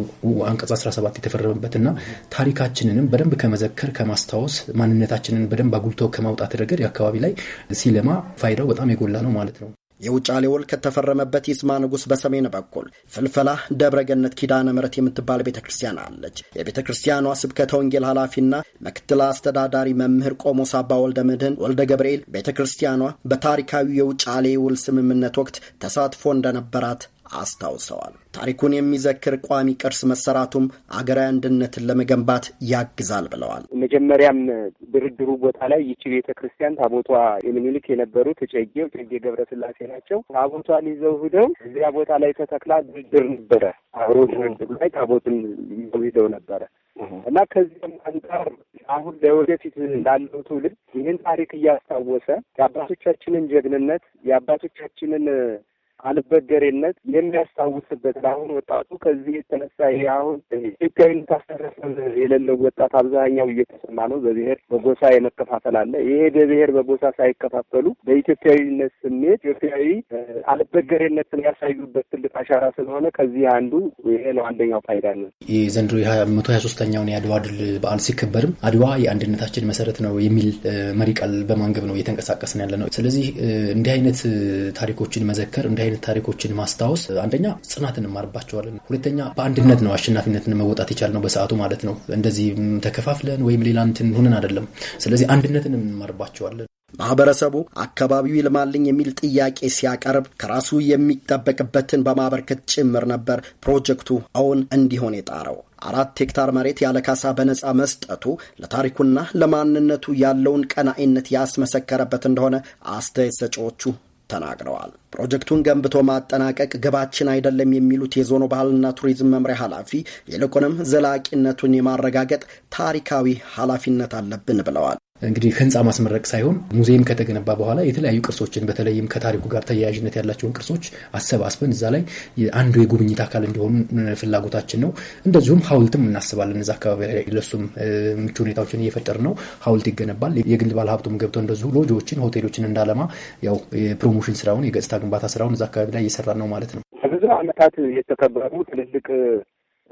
አንቀጽ 17 የተፈረመበት እና ታሪካችንንም በደንብ ከመዘከር ከማስታወስ ማንነታችንን በደንብ አጉልቶ ከማውጣት ረገድ የአካባቢ ላይ ሲለማ ፋይዳው በጣም የጎላ ነው ማለት ነው። የውጫሌ ውል ከተፈረመበት ይስማ ንጉሥ በሰሜን በኩል ፍልፈላ ደብረገነት ኪዳነ ምረት የምትባል ቤተ ክርስቲያን አለች። የቤተ ክርስቲያኗ ስብከተ ወንጌል ኃላፊና ምክትል አስተዳዳሪ መምህር ቆሞስ አባ ወልደ ምድህን ወልደ ገብርኤል ቤተ ክርስቲያኗ በታሪካዊ የውጫሌ ውል ስምምነት ወቅት ተሳትፎ እንደነበራት አስታውሰዋል። ታሪኩን የሚዘክር ቋሚ ቅርስ መሰራቱም አገራዊ አንድነትን ለመገንባት ያግዛል ብለዋል። መጀመሪያም ድርድሩ ቦታ ላይ ይቺ ቤተ ክርስቲያን ታቦቷ የምኒልክ የነበሩት እጨጌው እጨጌ ገብረስላሴ ናቸው። ታቦቷን ይዘው ሂደው እዚያ ቦታ ላይ ተተክላ ድርድር ነበረ። አብሮ ድርድሩ ላይ ታቦትን ይዘው ሂደው ነበረ እና ከዚህም አንጻር አሁን ለወደፊት ላለው ትውልድ ይህን ታሪክ እያስታወሰ የአባቶቻችንን ጀግንነት የአባቶቻችንን አልበገሬነት የሚያስታውስበት ለአሁን ወጣቱ ከዚህ የተነሳ ይሄ አሁን ኢትዮጵያዊነት አስተሳሰብ የሌለው ወጣት አብዛኛው እየተሰማ ነው። በብሔር በጎሳ የመከፋፈል አለ። ይሄ በብሔር በጎሳ ሳይከፋፈሉ በኢትዮጵያዊነት ስሜት ኢትዮጵያዊ አልበገሬነትን ያሳዩበት ትልቅ አሻራ ስለሆነ ከዚህ አንዱ ይሄ ነው። አንደኛው ፋይዳ ነው። የዘንድሮ መቶ ሀያ ሶስተኛውን የአድዋ ድል በዓል ሲከበርም አድዋ የአንድነታችን መሰረት ነው የሚል መሪ ቃል በማንገብ ነው እየተንቀሳቀስን ያለ ነው። ስለዚህ እንዲህ አይነት ታሪኮችን መዘከር እንዲህ አይነት ታሪኮችን ማስታወስ አንደኛ ጽናት እንማርባቸዋለን፣ ሁለተኛ በአንድነት ነው አሸናፊነትን መወጣት የቻልነው በሰዓቱ ማለት ነው። እንደዚህ ተከፋፍለን ወይም ሌላ እንትን ሆነን አይደለም። ስለዚህ አንድነትን እንማርባቸዋለን። ማህበረሰቡ አካባቢው ይልማልኝ የሚል ጥያቄ ሲያቀርብ ከራሱ የሚጠበቅበትን በማበርከት ጭምር ነበር ፕሮጀክቱ አሁን እንዲሆን የጣረው። አራት ሄክታር መሬት ያለ ካሳ በነጻ መስጠቱ ለታሪኩና ለማንነቱ ያለውን ቀናኢነት ያስመሰከረበት እንደሆነ አስተያየት ሰጪዎቹ ተናግረዋል። ፕሮጀክቱን ገንብቶ ማጠናቀቅ ግባችን አይደለም የሚሉት የዞኑ ባህልና ቱሪዝም መምሪያ ኃላፊ፣ ይልቁንም ዘላቂነቱን የማረጋገጥ ታሪካዊ ኃላፊነት አለብን ብለዋል። እንግዲህ ህንፃ ማስመረቅ ሳይሆን ሙዚየም ከተገነባ በኋላ የተለያዩ ቅርሶችን በተለይም ከታሪኩ ጋር ተያያዥነት ያላቸውን ቅርሶች አሰባስበን እዛ ላይ አንዱ የጉብኝት አካል እንዲሆኑ ፍላጎታችን ነው። እንደዚሁም ሀውልትም እናስባለን። እዛ አካባቢ ላይ ለሱም ምቹ ሁኔታዎችን እየፈጠር ነው። ሀውልት ይገነባል። የግል ባለ ሀብቱም ገብቶ እንደዚሁ ሎጆዎችን፣ ሆቴሎችን እንዳለማ ያው የፕሮሞሽን ስራውን የገጽታ ግንባታ ስራውን እዛ አካባቢ ላይ እየሰራ ነው ማለት ነው። ብዙ አመታት የተከበሩ ትልልቅ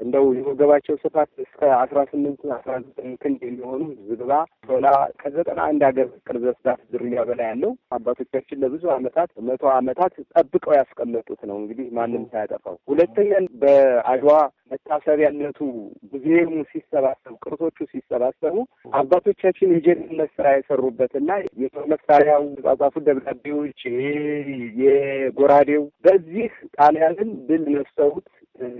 እንደው የወገባቸው ስፋት እስከ አስራ ስምንት አስራ ዘጠኝ ክንድ የሚሆኑ ዝግባ፣ ሾላ ከዘጠና አንድ ሀገር ፍቅር ዘስዳት ዝርያ በላይ ያለው አባቶቻችን ለብዙ ዓመታት መቶ ዓመታት ጠብቀው ያስቀመጡት ነው። እንግዲህ ማንም ሳያጠፋው። ሁለተኛ በአድዋ መታሰቢያነቱ ሙዚየሙ ሲሰባሰቡ፣ ቅርሶቹ ሲሰባሰቡ አባቶቻችን የጀግንነት ስራ የሰሩበትና የጦር መሳሪያው የተጻጻፉ ደብዳቤዎች፣ የጎራዴው በዚህ ጣሊያንን ድል ነስተውት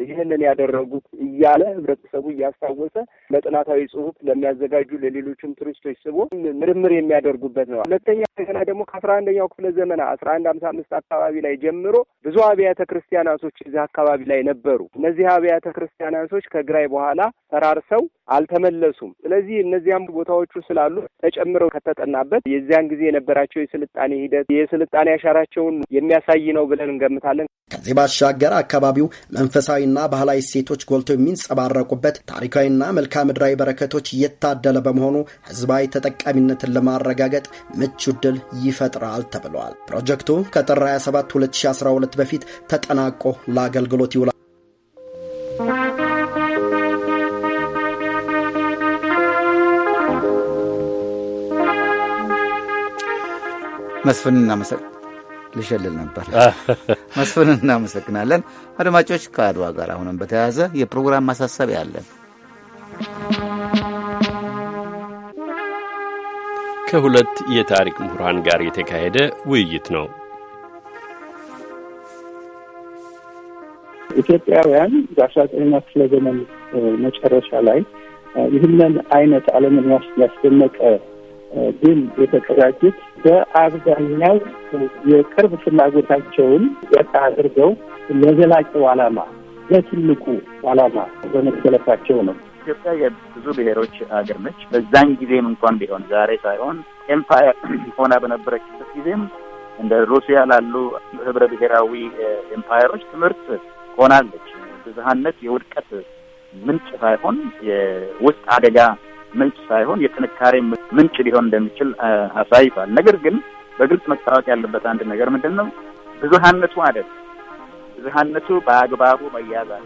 ይህንን ያደረጉት እያለ ህብረተሰቡ እያስታወሰ ለጥናታዊ ጽሁፍ ለሚያዘጋጁ ለሌሎችም ቱሪስቶች ስቦ ምርምር የሚያደርጉበት ነው። ሁለተኛ ገና ደግሞ ከአስራ አንደኛው ክፍለ ዘመን አስራ አንድ ሀምሳ አምስት አካባቢ ላይ ጀምሮ ብዙ አብያተ ክርስቲያናቶች እዚህ አካባቢ ላይ ነበሩ። እነዚህ አብያተ ክርስቲያናቶች ከግራይ በኋላ ፈራርሰው አልተመለሱም። ስለዚህ እነዚያም ቦታዎቹ ስላሉ ተጨምረው ከተጠናበት የዚያን ጊዜ የነበራቸው የስልጣኔ ሂደት የስልጣኔ አሻራቸውን የሚያሳይ ነው ብለን እንገምታለን። ከዚህ ባሻገር አካባቢው መንፈሳዊና ባህላዊ እሴቶች ጎልተው የሚንጸባረቁበት ታሪካዊና መልክዓ ምድራዊ በረከቶች እየታደለ በመሆኑ ህዝባዊ ተጠቃሚነትን ለማረጋገጥ ምቹ ድል ይፈጥራል ተብለዋል። ፕሮጀክቱ ከጥር 27 2012 በፊት ተጠናቆ ለአገልግሎት ይውላል። መስፍን ልሸልል ነበር። መስፍን እናመሰግናለን። አድማጮች፣ ከአድዋ ጋር አሁንም በተያያዘ የፕሮግራም ማሳሰቢያ አለን። ከሁለት የታሪክ ምሁራን ጋር የተካሄደ ውይይት ነው። ኢትዮጵያውያን በአስራ ዘጠነኛ ክፍለ ዘመን መጨረሻ ላይ ይህንን አይነት ዓለምን ያስደመቀ ግን የተቀዳጁት በአብዛኛው የቅርብ ፍላጎታቸውን ወጣ አድርገው ለዘላቂው ዓላማ ለትልቁ ዓላማ በመሰለፋቸው ነው። ኢትዮጵያ የብዙ ብሔሮች ሀገር ነች። በዛን ጊዜም እንኳን ቢሆን ዛሬ ሳይሆን ኤምፓየር ሆና በነበረችበት ጊዜም እንደ ሩሲያ ላሉ ህብረ ብሔራዊ ኤምፓየሮች ትምህርት ሆናለች። ብዝሃነት የውድቀት ምንጭ ሳይሆን የውስጥ አደጋ ምንጭ ሳይሆን የጥንካሬ ምንጭ ሊሆን እንደሚችል አሳይቷል። ነገር ግን በግልጽ መታወቅ ያለበት አንድ ነገር ምንድን ነው? ብዙሀነቱ አደል ብዙሀነቱ በአግባቡ መያዝ አለ።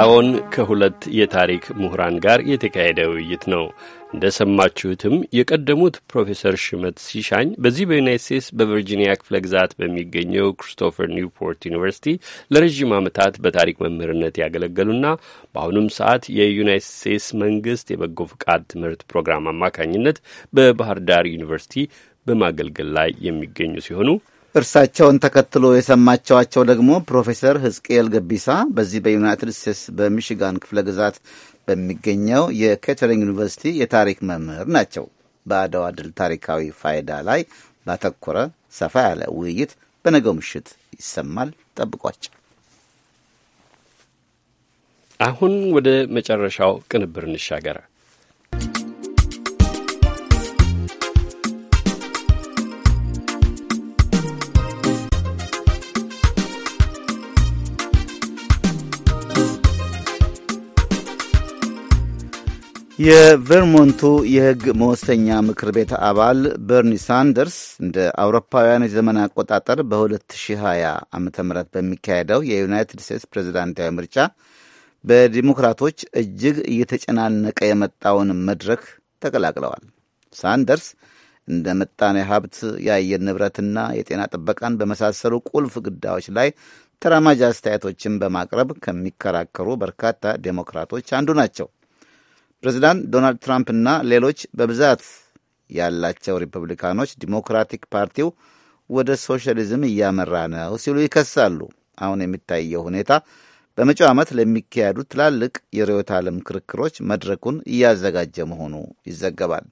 አዎን ከሁለት የታሪክ ምሁራን ጋር የተካሄደ ውይይት ነው። እንደሰማችሁትም የቀደሙት ፕሮፌሰር ሽመት ሲሻኝ በዚህ በዩናይት ስቴትስ በቨርጂኒያ ክፍለ ግዛት በሚገኘው ክሪስቶፈር ኒውፖርት ዩኒቨርሲቲ ለረዥም ዓመታት በታሪክ መምህርነት ያገለገሉና በአሁኑም ሰዓት የዩናይት ስቴትስ መንግስት የበጎ ፍቃድ ትምህርት ፕሮግራም አማካኝነት በባህር ዳር ዩኒቨርሲቲ በማገልገል ላይ የሚገኙ ሲሆኑ እርሳቸውን ተከትሎ የሰማቸዋቸው ደግሞ ፕሮፌሰር ህዝቅኤል ገቢሳ በዚህ በዩናይትድ ስቴትስ በሚሽጋን ክፍለ ግዛት በሚገኘው የኬተሪንግ ዩኒቨርሲቲ የታሪክ መምህር ናቸው። በአድዋ ድል ታሪካዊ ፋይዳ ላይ ባተኮረ ሰፋ ያለ ውይይት በነገው ምሽት ይሰማል። ጠብቋቸው። አሁን ወደ መጨረሻው ቅንብር እንሻገራል። የቨርሞንቱ የሕግ መወሰኛ ምክር ቤት አባል በርኒ ሳንደርስ እንደ አውሮፓውያን የዘመን አቆጣጠር በ2020 ዓ ም በሚካሄደው የዩናይትድ ስቴትስ ፕሬዝዳንታዊ ምርጫ በዲሞክራቶች እጅግ እየተጨናነቀ የመጣውን መድረክ ተቀላቅለዋል። ሳንደርስ እንደ ምጣኔ ሀብት፣ የአየር ንብረትና የጤና ጥበቃን በመሳሰሉ ቁልፍ ጉዳዮች ላይ ተራማጅ አስተያየቶችን በማቅረብ ከሚከራከሩ በርካታ ዴሞክራቶች አንዱ ናቸው። ፕሬዚዳንት ዶናልድ ትራምፕ እና ሌሎች በብዛት ያላቸው ሪፐብሊካኖች ዲሞክራቲክ ፓርቲው ወደ ሶሻሊዝም እያመራ ነው ሲሉ ይከሳሉ። አሁን የሚታየው ሁኔታ በመጪው ዓመት ለሚካሄዱ ትላልቅ የርዕዮተ ዓለም ክርክሮች መድረኩን እያዘጋጀ መሆኑ ይዘገባል።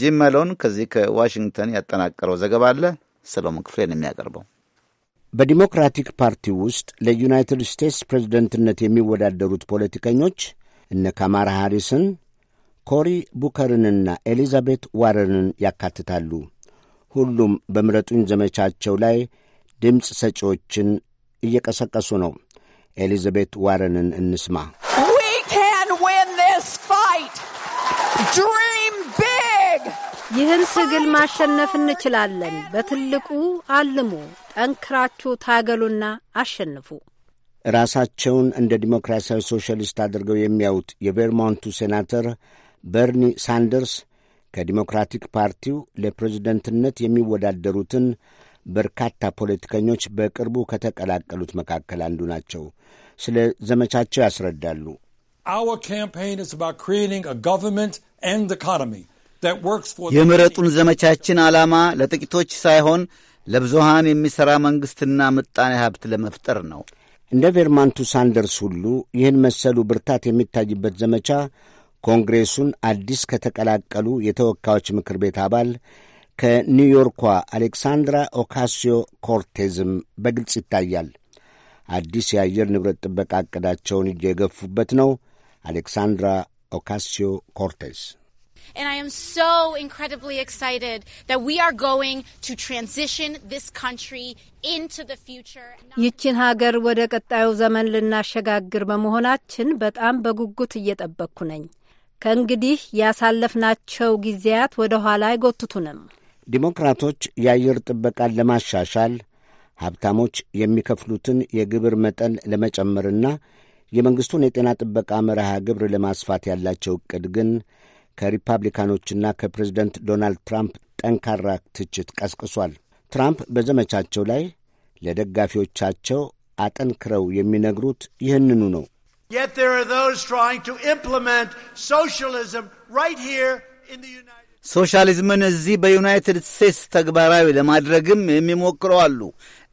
ጂም መሎን ከዚህ ከዋሽንግተን ያጠናቀረው ዘገባ አለ። ሰሎሞን ክፍሌ ነው የሚያቀርበው። በዲሞክራቲክ ፓርቲ ውስጥ ለዩናይትድ ስቴትስ ፕሬዝደንትነት የሚወዳደሩት ፖለቲከኞች እነ ካማራ ሃሪስን፣ ኮሪ ቡከርንና ኤሊዛቤት ዋረንን ያካትታሉ። ሁሉም በምረጡኝ ዘመቻቸው ላይ ድምፅ ሰጪዎችን እየቀሰቀሱ ነው። ኤሊዛቤት ዋረንን እንስማ። ይህን ትግል ማሸነፍ እንችላለን። በትልቁ አልሙ፣ ጠንክራችሁ ታገሉና አሸንፉ። ራሳቸውን እንደ ዲሞክራሲያዊ ሶሻሊስት አድርገው የሚያዩት የቬርሞንቱ ሴናተር በርኒ ሳንደርስ ከዲሞክራቲክ ፓርቲው ለፕሬዝደንትነት የሚወዳደሩትን በርካታ ፖለቲከኞች በቅርቡ ከተቀላቀሉት መካከል አንዱ ናቸው። ስለ ዘመቻቸው ያስረዳሉ። የምረጡን ዘመቻችን ዓላማ ለጥቂቶች ሳይሆን ለብዙሃን የሚሠራ መንግሥትና ምጣኔ ሀብት ለመፍጠር ነው። እንደ ቬርማንቱ ሳንደርስ ሁሉ ይህን መሰሉ ብርታት የሚታይበት ዘመቻ ኮንግሬሱን አዲስ ከተቀላቀሉ የተወካዮች ምክር ቤት አባል ከኒውዮርኳ አሌክሳንድራ ኦካሲዮ ኮርቴዝም በግልጽ ይታያል። አዲስ የአየር ንብረት ጥበቃ ዕቅዳቸውን እየገፉበት ነው። አሌክሳንድራ ኦካሲዮ ኮርቴዝ And I am so incredibly excited that we are going to transition this country into the future. ይችን ሀገር ወደ ቀጣዩ ዘመን ልናሸጋግር በመሆናችን በጣም በጉጉት እየጠበቅኩ ነኝ። ከእንግዲህ ያሳለፍናቸው ጊዜያት ወደ ኋላ አይጎትቱንም። ዲሞክራቶች የአየር ጥበቃን ለማሻሻል ሀብታሞች የሚከፍሉትን የግብር መጠን ለመጨመርና የመንግሥቱን የጤና ጥበቃ መርሃ ግብር ለማስፋት ያላቸው ዕቅድ ግን ከሪፐብሊካኖችና ከፕሬዝደንት ዶናልድ ትራምፕ ጠንካራ ትችት ቀስቅሷል። ትራምፕ በዘመቻቸው ላይ ለደጋፊዎቻቸው አጠንክረው የሚነግሩት ይህንኑ ነው። ሶሻሊዝምን እዚህ በዩናይትድ ስቴትስ ተግባራዊ ለማድረግም የሚሞክረው አሉ።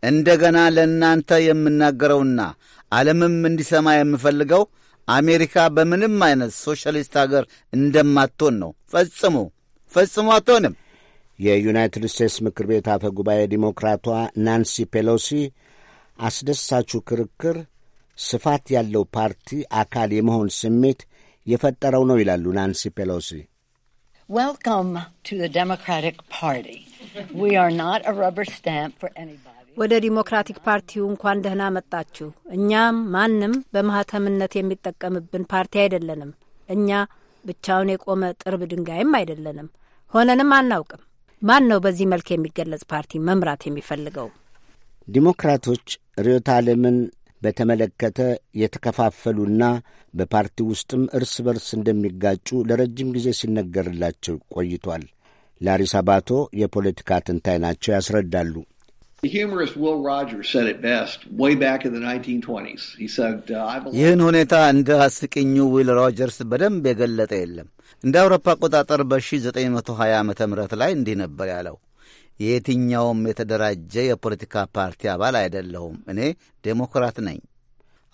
እንደገና ለእናንተ የምናገረውና ዓለምም እንዲሰማ የምፈልገው አሜሪካ በምንም አይነት ሶሻሊስት አገር እንደማትሆን ነው። ፈጽሞ ፈጽሞ አትሆንም። የዩናይትድ ስቴትስ ምክር ቤት አፈ ጉባኤ ዲሞክራቷ ናንሲ ፔሎሲ አስደሳቹ ክርክር ስፋት ያለው ፓርቲ አካል የመሆን ስሜት የፈጠረው ነው ይላሉ ናንሲ ፔሎሲ። ዌልካም ቱ ዴሞክራቲክ ፓርቲ ዊ አር ናት አ ረበር ስታምፕ ፎር አኒባዲ ወደ ዲሞክራቲክ ፓርቲው እንኳን ደህና መጣችሁ። እኛም ማንም በማህተምነት የሚጠቀምብን ፓርቲ አይደለንም። እኛ ብቻውን የቆመ ጥርብ ድንጋይም አይደለንም፣ ሆነንም አናውቅም። ማን ነው በዚህ መልክ የሚገለጽ ፓርቲ መምራት የሚፈልገው? ዲሞክራቶች ርዕዮተ ዓለምን በተመለከተ የተከፋፈሉና በፓርቲ ውስጥም እርስ በርስ እንደሚጋጩ ለረጅም ጊዜ ሲነገርላቸው ቆይቷል። ላሪሳ ባቶ የፖለቲካ ትንታይ ናቸው፣ ያስረዳሉ። Uh, ይህን ሁኔታ እንደ አስቂኙ ዊል ሮጀርስ በደንብ የገለጠ የለም። እንደ አውሮፓ አቆጣጠር በ1920 ዓ ም ላይ እንዲህ ነበር ያለው፣ የየትኛውም የተደራጀ የፖለቲካ ፓርቲ አባል አይደለሁም፣ እኔ ዴሞክራት ነኝ።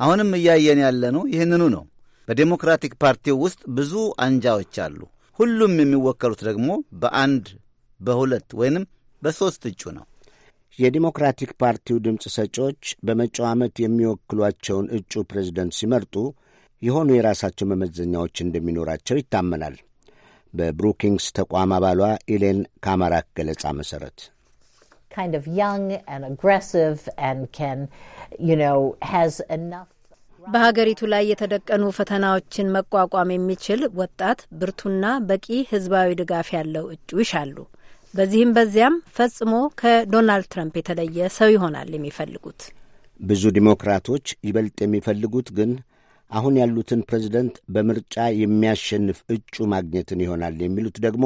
አሁንም እያየን ያለነው ይህንኑ ነው። በዴሞክራቲክ ፓርቲው ውስጥ ብዙ አንጃዎች አሉ። ሁሉም የሚወከሉት ደግሞ በአንድ በሁለት ወይንም በሦስት እጩ ነው። የዲሞክራቲክ ፓርቲው ድምፅ ሰጪዎች በመጪው ዓመት የሚወክሏቸውን እጩ ፕሬዝደንት ሲመርጡ የሆኑ የራሳቸው መመዘኛዎች እንደሚኖራቸው ይታመናል። በብሩኪንግስ ተቋም አባሏ ኢሌን ካማራክ ገለጻ መሠረት በሀገሪቱ ላይ የተደቀኑ ፈተናዎችን መቋቋም የሚችል ወጣት፣ ብርቱና በቂ ሕዝባዊ ድጋፍ ያለው እጩ ይሻሉ። በዚህም በዚያም ፈጽሞ ከዶናልድ ትራምፕ የተለየ ሰው ይሆናል የሚፈልጉት። ብዙ ዲሞክራቶች ይበልጥ የሚፈልጉት ግን አሁን ያሉትን ፕሬዚደንት በምርጫ የሚያሸንፍ እጩ ማግኘትን ይሆናል የሚሉት ደግሞ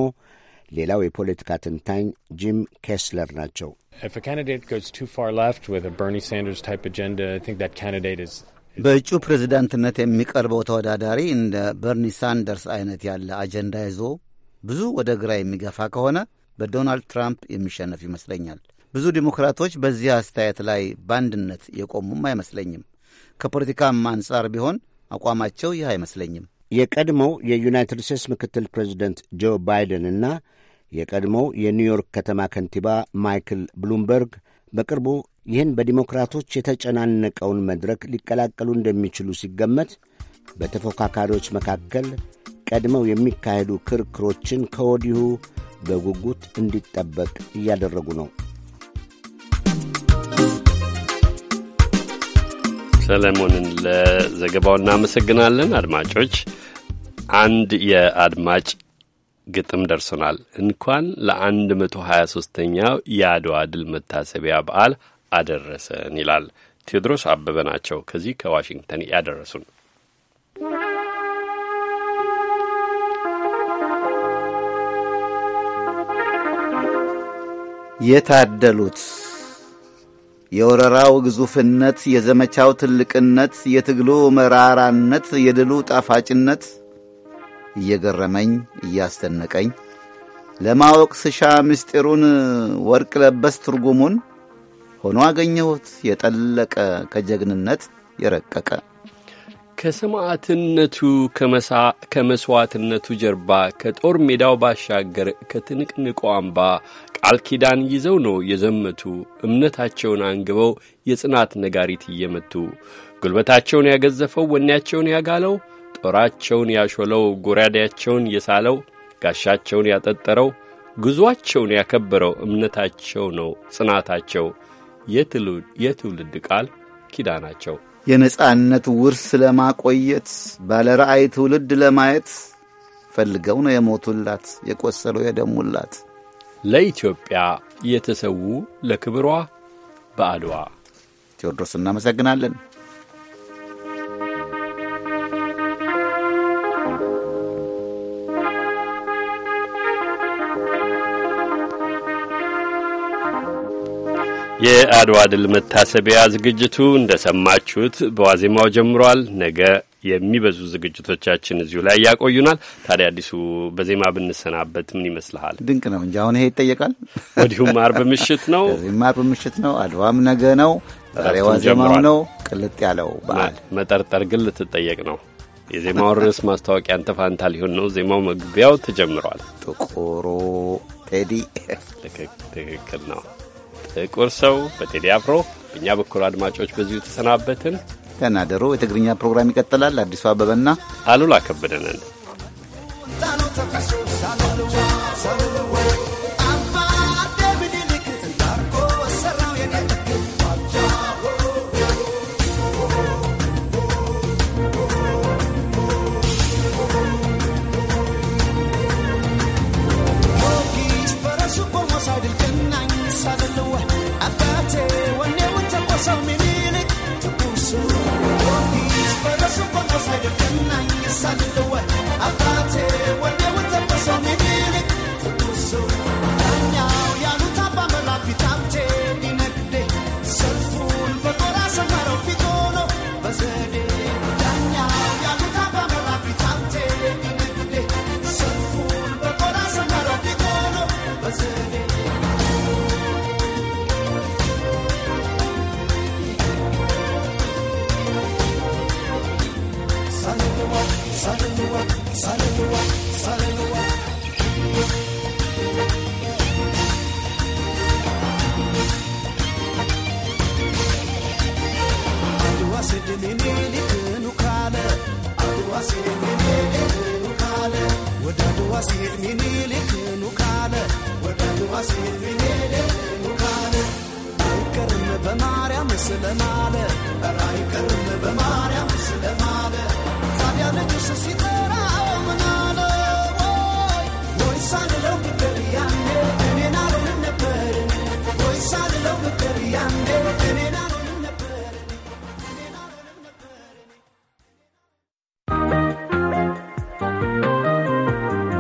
ሌላው የፖለቲካ ትንታኝ ጂም ኬስለር ናቸው። በእጩ ፕሬዚዳንትነት የሚቀርበው ተወዳዳሪ እንደ በርኒ ሳንደርስ አይነት ያለ አጀንዳ ይዞ ብዙ ወደ ግራ የሚገፋ ከሆነ በዶናልድ ትራምፕ የሚሸነፍ ይመስለኛል። ብዙ ዲሞክራቶች በዚህ አስተያየት ላይ በአንድነት የቆሙም አይመስለኝም። ከፖለቲካም አንጻር ቢሆን አቋማቸው ይህ አይመስለኝም። የቀድሞው የዩናይትድ ስቴትስ ምክትል ፕሬዚደንት ጆ ባይደን እና የቀድሞው የኒውዮርክ ከተማ ከንቲባ ማይክል ብሉምበርግ በቅርቡ ይህን በዲሞክራቶች የተጨናነቀውን መድረክ ሊቀላቀሉ እንደሚችሉ ሲገመት በተፎካካሪዎች መካከል ቀድመው የሚካሄዱ ክርክሮችን ከወዲሁ በጉጉት እንዲጠበቅ እያደረጉ ነው። ሰለሞንን ለዘገባው እናመሰግናለን። አድማጮች፣ አንድ የአድማጭ ግጥም ደርሶናል። እንኳን መቶ ሀያ ኛው የአድዋ ድል መታሰቢያ በዓል አደረሰን ይላል። ቴዎድሮስ አበበ ናቸው ከዚህ ከዋሽንግተን ያደረሱን። የታደሉት የወረራው ግዙፍነት፣ የዘመቻው ትልቅነት፣ የትግሉ መራራነት፣ የድሉ ጣፋጭነት እየገረመኝ እያስደነቀኝ ለማወቅ ስሻ ምስጢሩን ወርቅ ለበስ ትርጉሙን ሆኖ አገኘሁት የጠለቀ ከጀግንነት የረቀቀ ከሰማዕትነቱ ከመሥዋዕትነቱ ጀርባ ከጦር ሜዳው ባሻገር ከትንቅንቁ አምባ ቃል ኪዳን ይዘው ነው የዘመቱ እምነታቸውን አንግበው የጽናት ነጋሪት እየመቱ ጉልበታቸውን ያገዘፈው ወኔያቸውን ያጋለው ጦራቸውን ያሾለው ጎራዴያቸውን የሳለው ጋሻቸውን ያጠጠረው ጉዞአቸውን ያከበረው እምነታቸው ነው ጽናታቸው የትውልድ ቃል ኪዳናቸው የነጻነት ውርስ ለማቆየት ባለ ራእይ ትውልድ ለማየት ፈልገው ነው የሞቱላት የቆሰሉ የደሙላት ለኢትዮጵያ የተሰዉ ለክብሯ በአድዋ ቴዎድሮስ እናመሰግናለን። የአድዋ ድል መታሰቢያ ዝግጅቱ እንደ ሰማችሁት በዋዜማው ጀምሯል። ነገ የሚበዙ ዝግጅቶቻችን እዚሁ ላይ ያቆዩናል። ታዲያ አዲሱ በዜማ ብንሰናበት ምን ይመስልሃል? ድንቅ ነው እንጂ አሁን ይሄ ይጠየቃል። ወዲሁም አርብ ምሽት ነው፣ አርብ ምሽት ነው። አድዋም ነገ ነው። ዛሬ ዋዜማው ነው። ቅልጥ ያለው በዓል መጠርጠር ግን ልትጠየቅ ነው። የዜማውን ርዕስ ማስታወቂያ አንተ ፋንታ ሊሆን ነው። ዜማው መግቢያው ተጀምሯል። ጥቁሩ ቴዲ ትክክል ነው። ጥቁር ሰው በቴዲ አፍሮ። በእኛ በኩል አድማጮች በዚሁ ተሰናበትን። ተናደሮ የትግርኛ ፕሮግራም ይቀጥላል። አዲሱ አበበና አሉላ ከበደ ነን።